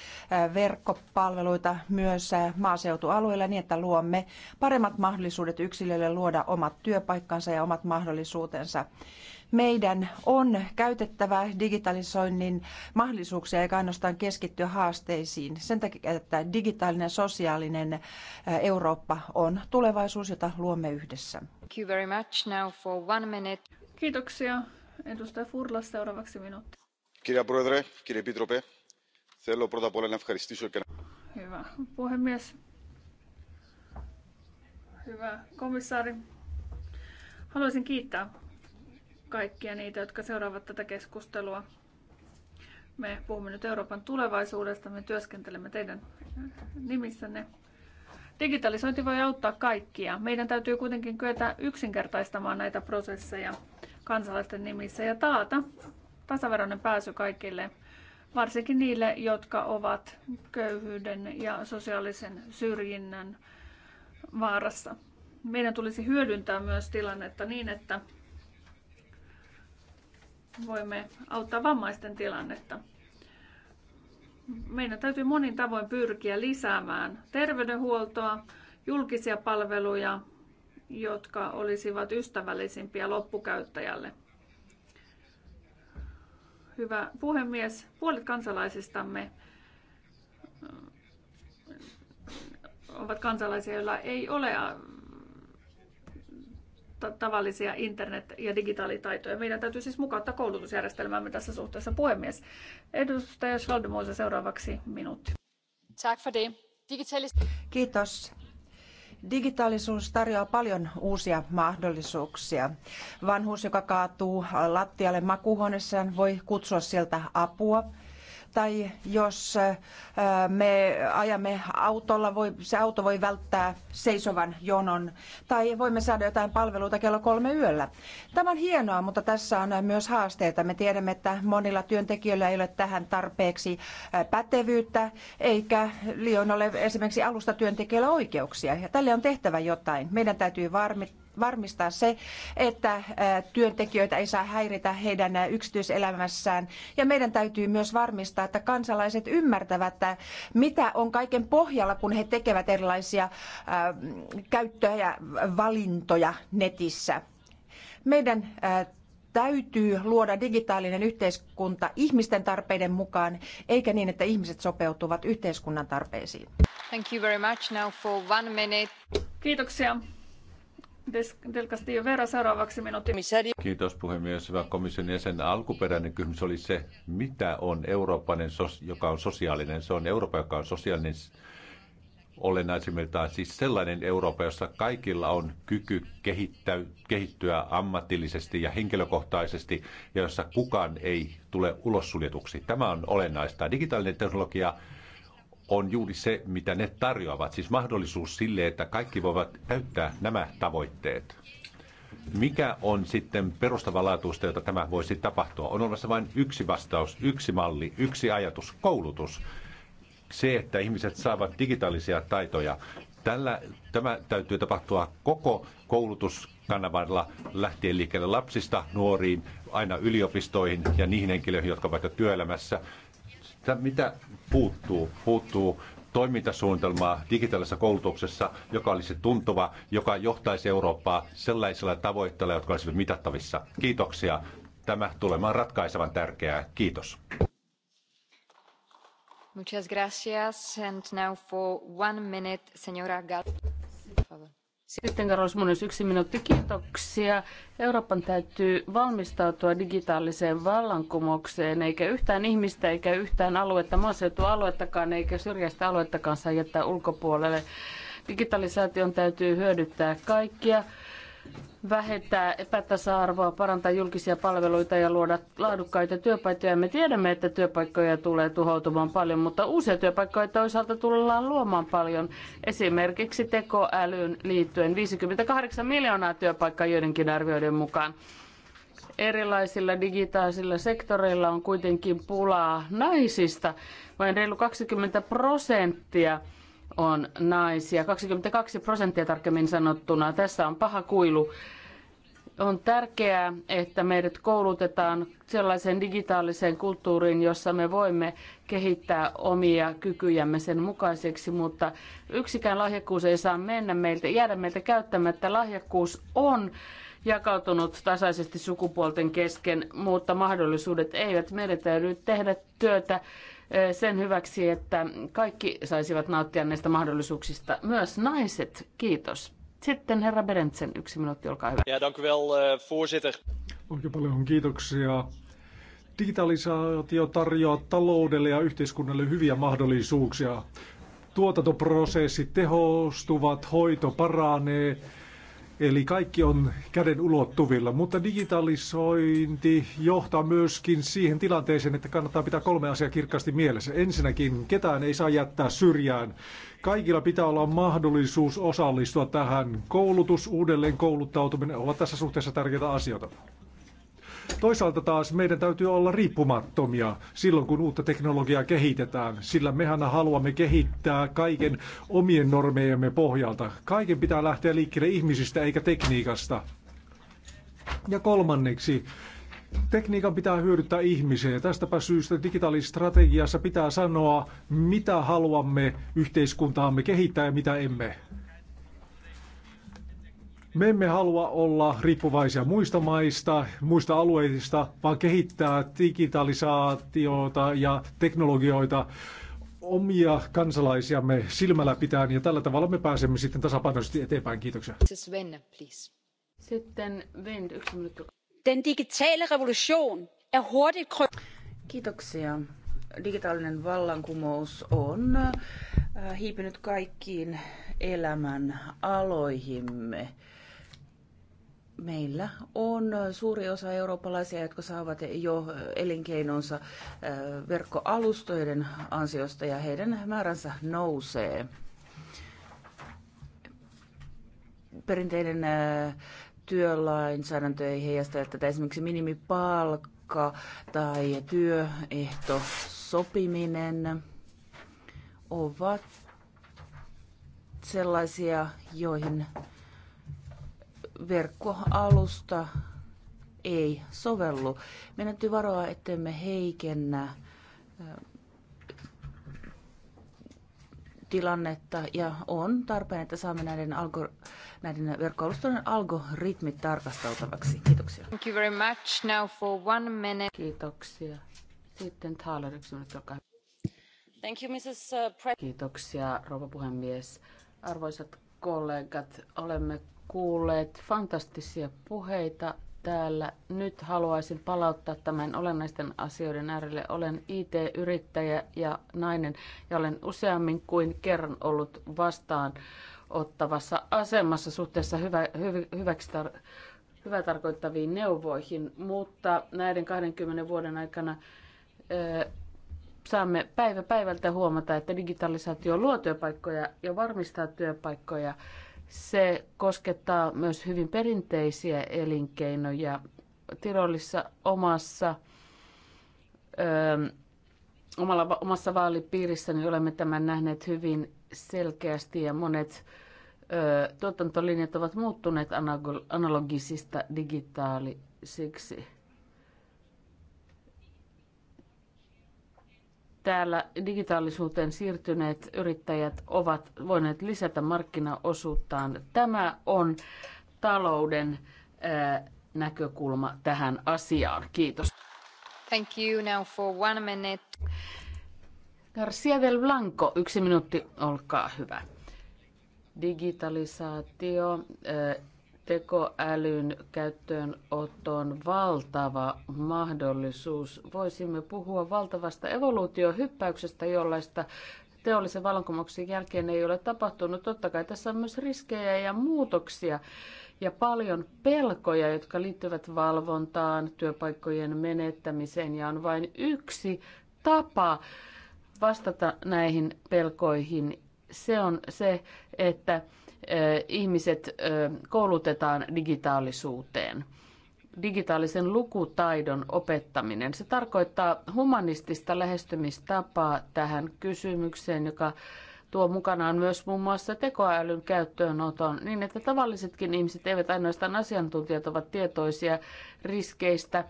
verkkopalveluita myös maaseutualueilla niin, että luomme paremmat mahdollisuudet yksilöille luoda omat työpaikkansa ja omat mahdollisuutensa. Meidän on käytettävä digitalisoinnin mahdollisuuksia eikä ainoastaan keskittyä haasteisiin. Sen takia, että digitaalinen sosiaalinen Eurooppa on tulevaisuus, jota luomme yhdessä. Thank you very much. Now for one minute. Kiitoksia. Edustaja Furla, seuraavaksi minuutti. Kirja Prodre, kirja Pitrope. Θέλω πρώτα απ' όλα να ευχαριστήσω και Hyvä puhemies. Hyvä komissaari. Haluaisin kiittää kaikkia niitä, jotka seuraavat tätä keskustelua. Me puhumme nyt Euroopan tulevaisuudesta, me työskentelemme teidän nimissänne. Digitalisointi voi auttaa kaikkia. Meidän täytyy kuitenkin kyetä yksinkertaistamaan näitä prosesseja kansalaisten nimissä ja taata tasaveroinen pääsy kaikille, varsinkin niille, jotka ovat köyhyyden ja sosiaalisen syrjinnän vaarassa. Meidän tulisi hyödyntää myös tilannetta niin, että voimme auttaa vammaisten tilannetta. Meidän täytyy monin tavoin pyrkiä lisäämään terveydenhuoltoa, julkisia palveluja, jotka olisivat ystävällisimpiä loppukäyttäjälle. Hyvä puhemies, puolet kansalaisistamme ovat kansalaisia, joilla ei ole tavallisia internet- ja digitaalitaitoja. Meidän täytyy siis mukauttaa koulutusjärjestelmäämme tässä suhteessa. Puhemies, edustaja Schaldemose seuraavaksi minuutti. Kiitos. Digitaalisuus tarjoaa paljon uusia mahdollisuuksia. Vanhus, joka kaatuu lattialle makuuhuoneessaan, voi kutsua sieltä apua tai jos äh, me ajamme autolla, voi, se auto voi välttää seisovan jonon, tai voimme saada jotain palveluita kello kolme yöllä. Tämä on hienoa, mutta tässä on myös haasteita. Me tiedämme, että monilla työntekijöillä ei ole tähän tarpeeksi äh, pätevyyttä, eikä liian ole esimerkiksi alustatyöntekijöillä oikeuksia. Ja tälle on tehtävä jotain. Meidän täytyy varmistaa, varmistaa se, että työntekijöitä ei saa häiritä heidän yksityiselämässään. Ja meidän täytyy myös varmistaa, että kansalaiset ymmärtävät, mitä on kaiken pohjalla, kun he tekevät erilaisia käyttöjä ja valintoja netissä. Meidän täytyy luoda digitaalinen yhteiskunta ihmisten tarpeiden mukaan, eikä niin, että ihmiset sopeutuvat yhteiskunnan tarpeisiin. Thank you very much. Now for one minute. Kiitoksia. Del Castillo Vera seuraavaksi minuutti. Kiitos puhemies. Hyvä komission jäsen. Alkuperäinen kysymys oli se, mitä on eurooppainen, joka on sosiaalinen. Se on Eurooppa, joka on sosiaalinen olennaisimmiltaan siis sellainen Eurooppa, jossa kaikilla on kyky kehittä, kehittyä ammatillisesti ja henkilökohtaisesti ja jossa kukaan ei tule ulos suljetuksi. Tämä on olennaista. Digitaalinen teknologia on juuri se, mitä ne tarjoavat, siis mahdollisuus sille, että kaikki voivat täyttää nämä tavoitteet. Mikä on sitten perustavanlaatuista, jota tämä voisi tapahtua? On olemassa vain yksi vastaus, yksi malli, yksi ajatus, koulutus. Se, että ihmiset saavat digitaalisia taitoja. Tällä, tämä täytyy tapahtua koko koulutuskanavalla lähtien liikkeelle lapsista, nuoriin, aina yliopistoihin ja niihin henkilöihin, jotka ovat työelämässä mitä puuttuu? Puuttuu toimintasuunnitelmaa digitaalisessa koulutuksessa, joka olisi tuntuva, joka johtaisi Eurooppaa sellaisilla tavoitteilla, jotka olisivat mitattavissa. Kiitoksia. Tämä tulemaan ratkaisevan tärkeää. Kiitos. Muchas gracias. And now for one minute, señora Gal. Sitten Carlos yksi minuutti. Kiitoksia. Euroopan täytyy valmistautua digitaaliseen vallankumoukseen, eikä yhtään ihmistä, eikä yhtään aluetta, maaseutualuettakaan, eikä syrjäistä aluettakaan saa jättää ulkopuolelle. Digitalisaation täytyy hyödyttää kaikkia vähentää epätasa-arvoa, parantaa julkisia palveluita ja luoda laadukkaita työpaikkoja. Me tiedämme, että työpaikkoja tulee tuhoutumaan paljon, mutta uusia työpaikkoja toisaalta tullaan luomaan paljon. Esimerkiksi tekoälyyn liittyen 58 miljoonaa työpaikkaa joidenkin arvioiden mukaan. Erilaisilla digitaalisilla sektoreilla on kuitenkin pulaa naisista. Vain reilu 20 prosenttia on naisia. 22 prosenttia tarkemmin sanottuna. Tässä on paha kuilu. On tärkeää, että meidät koulutetaan sellaiseen digitaaliseen kulttuuriin, jossa me voimme kehittää omia kykyjämme sen mukaiseksi, mutta yksikään lahjakkuus ei saa mennä meiltä, jäädä meiltä käyttämättä. Lahjakkuus on jakautunut tasaisesti sukupuolten kesken, mutta mahdollisuudet eivät. Meidän täytyy tehdä työtä sen hyväksi, että kaikki saisivat nauttia näistä mahdollisuuksista, myös naiset. Kiitos. Sitten herra Berentsen, yksi minuutti, olkaa hyvä. Ja, dank wel, eh, voorzitter. Oikein paljon kiitoksia. Digitalisaatio tarjoaa taloudelle ja yhteiskunnalle hyviä mahdollisuuksia. Tuotantoprosessit tehostuvat, hoito paranee, Eli kaikki on käden ulottuvilla, mutta digitalisointi johtaa myöskin siihen tilanteeseen, että kannattaa pitää kolme asiaa kirkkaasti mielessä. Ensinnäkin ketään ei saa jättää syrjään. Kaikilla pitää olla mahdollisuus osallistua tähän. Koulutus, uudelleen kouluttautuminen ovat tässä suhteessa tärkeitä asioita. Toisaalta taas meidän täytyy olla riippumattomia silloin, kun uutta teknologiaa kehitetään, sillä mehän haluamme kehittää kaiken omien normejemme pohjalta. Kaiken pitää lähteä liikkeelle ihmisistä eikä tekniikasta. Ja kolmanneksi, tekniikan pitää hyödyttää ihmisiä ja tästäpä syystä digitaalistrategiassa pitää sanoa, mitä haluamme yhteiskuntaamme kehittää ja mitä emme. Me emme halua olla riippuvaisia muista maista, muista alueista, vaan kehittää digitalisaatiota ja teknologioita omia kansalaisiamme silmällä pitäen ja tällä tavalla me pääsemme sitten tasapainoisesti eteenpäin. Kiitoksia. Sven, siis please. Sitten Vend, yksi minuutti. Den digitale revolution er hurtigt Kiitoksia. Digitaalinen vallankumous on äh, hiipinyt kaikkiin elämän aloihimme meillä on suuri osa eurooppalaisia, jotka saavat jo elinkeinonsa verkkoalustoiden ansiosta ja heidän määränsä nousee. Perinteinen työlainsäädäntö ei heijasta tätä esimerkiksi minimipalkka tai työehto sopiminen ovat sellaisia, joihin verkkoalusta ei sovellu. Meidän täytyy varoa, ettemme heikennä tilannetta ja on tarpeen, että saamme näiden, algo, näiden verkkoalustojen algoritmit tarkasteltavaksi. Kiitoksia. Thank you very much. Now for one minute. Kiitoksia. Sitten Thaler, yksi minuutti, olkaa Thank you, Mrs. Uh, Pre- Kiitoksia, rouva puhemies. Arvoisat kollegat, olemme kuulleet fantastisia puheita täällä. Nyt haluaisin palauttaa tämän olennaisten asioiden äärelle. Olen IT-yrittäjä ja nainen ja olen useammin kuin kerran ollut vastaan ottavassa asemassa suhteessa hyvä, hyv, hyväksi tar- hyvä tarkoittaviin neuvoihin, mutta näiden 20 vuoden aikana ö, saamme päivä päivältä huomata, että digitalisaatio luo työpaikkoja ja varmistaa työpaikkoja se koskettaa myös hyvin perinteisiä elinkeinoja. Tirolissa omassa, ö, omalla, omassa vaalipiirissäni niin olemme tämän nähneet hyvin selkeästi ja monet ö, tuotantolinjat ovat muuttuneet analogisista digitaalisiksi. täällä digitaalisuuteen siirtyneet yrittäjät ovat voineet lisätä markkinaosuuttaan. Tämä on talouden näkökulma tähän asiaan. Kiitos. Thank you now for one minute. Garcia del Blanco, yksi minuutti, olkaa hyvä. Digitalisaatio, tekoälyn käyttöön on valtava mahdollisuus. Voisimme puhua valtavasta evoluutiohyppäyksestä, jollaista teollisen vallankumouksen jälkeen ei ole tapahtunut. Totta kai tässä on myös riskejä ja muutoksia ja paljon pelkoja, jotka liittyvät valvontaan, työpaikkojen menettämiseen ja on vain yksi tapa vastata näihin pelkoihin. Se on se, että ihmiset koulutetaan digitaalisuuteen. Digitaalisen lukutaidon opettaminen. Se tarkoittaa humanistista lähestymistapaa tähän kysymykseen, joka tuo mukanaan myös muun muassa tekoälyn käyttöönoton niin, että tavallisetkin ihmiset eivät ainoastaan asiantuntijat ovat tietoisia riskeistä,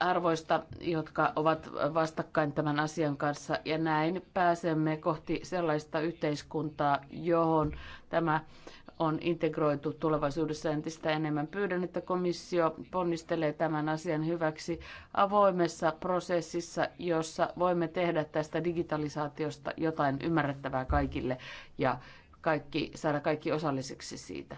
arvoista, jotka ovat vastakkain tämän asian kanssa. Ja näin pääsemme kohti sellaista yhteiskuntaa, johon tämä on integroitu tulevaisuudessa entistä enemmän. Pyydän, että komissio ponnistelee tämän asian hyväksi avoimessa prosessissa, jossa voimme tehdä tästä digitalisaatiosta jotain ymmärrettävää kaikille ja kaikki, saada kaikki osalliseksi siitä.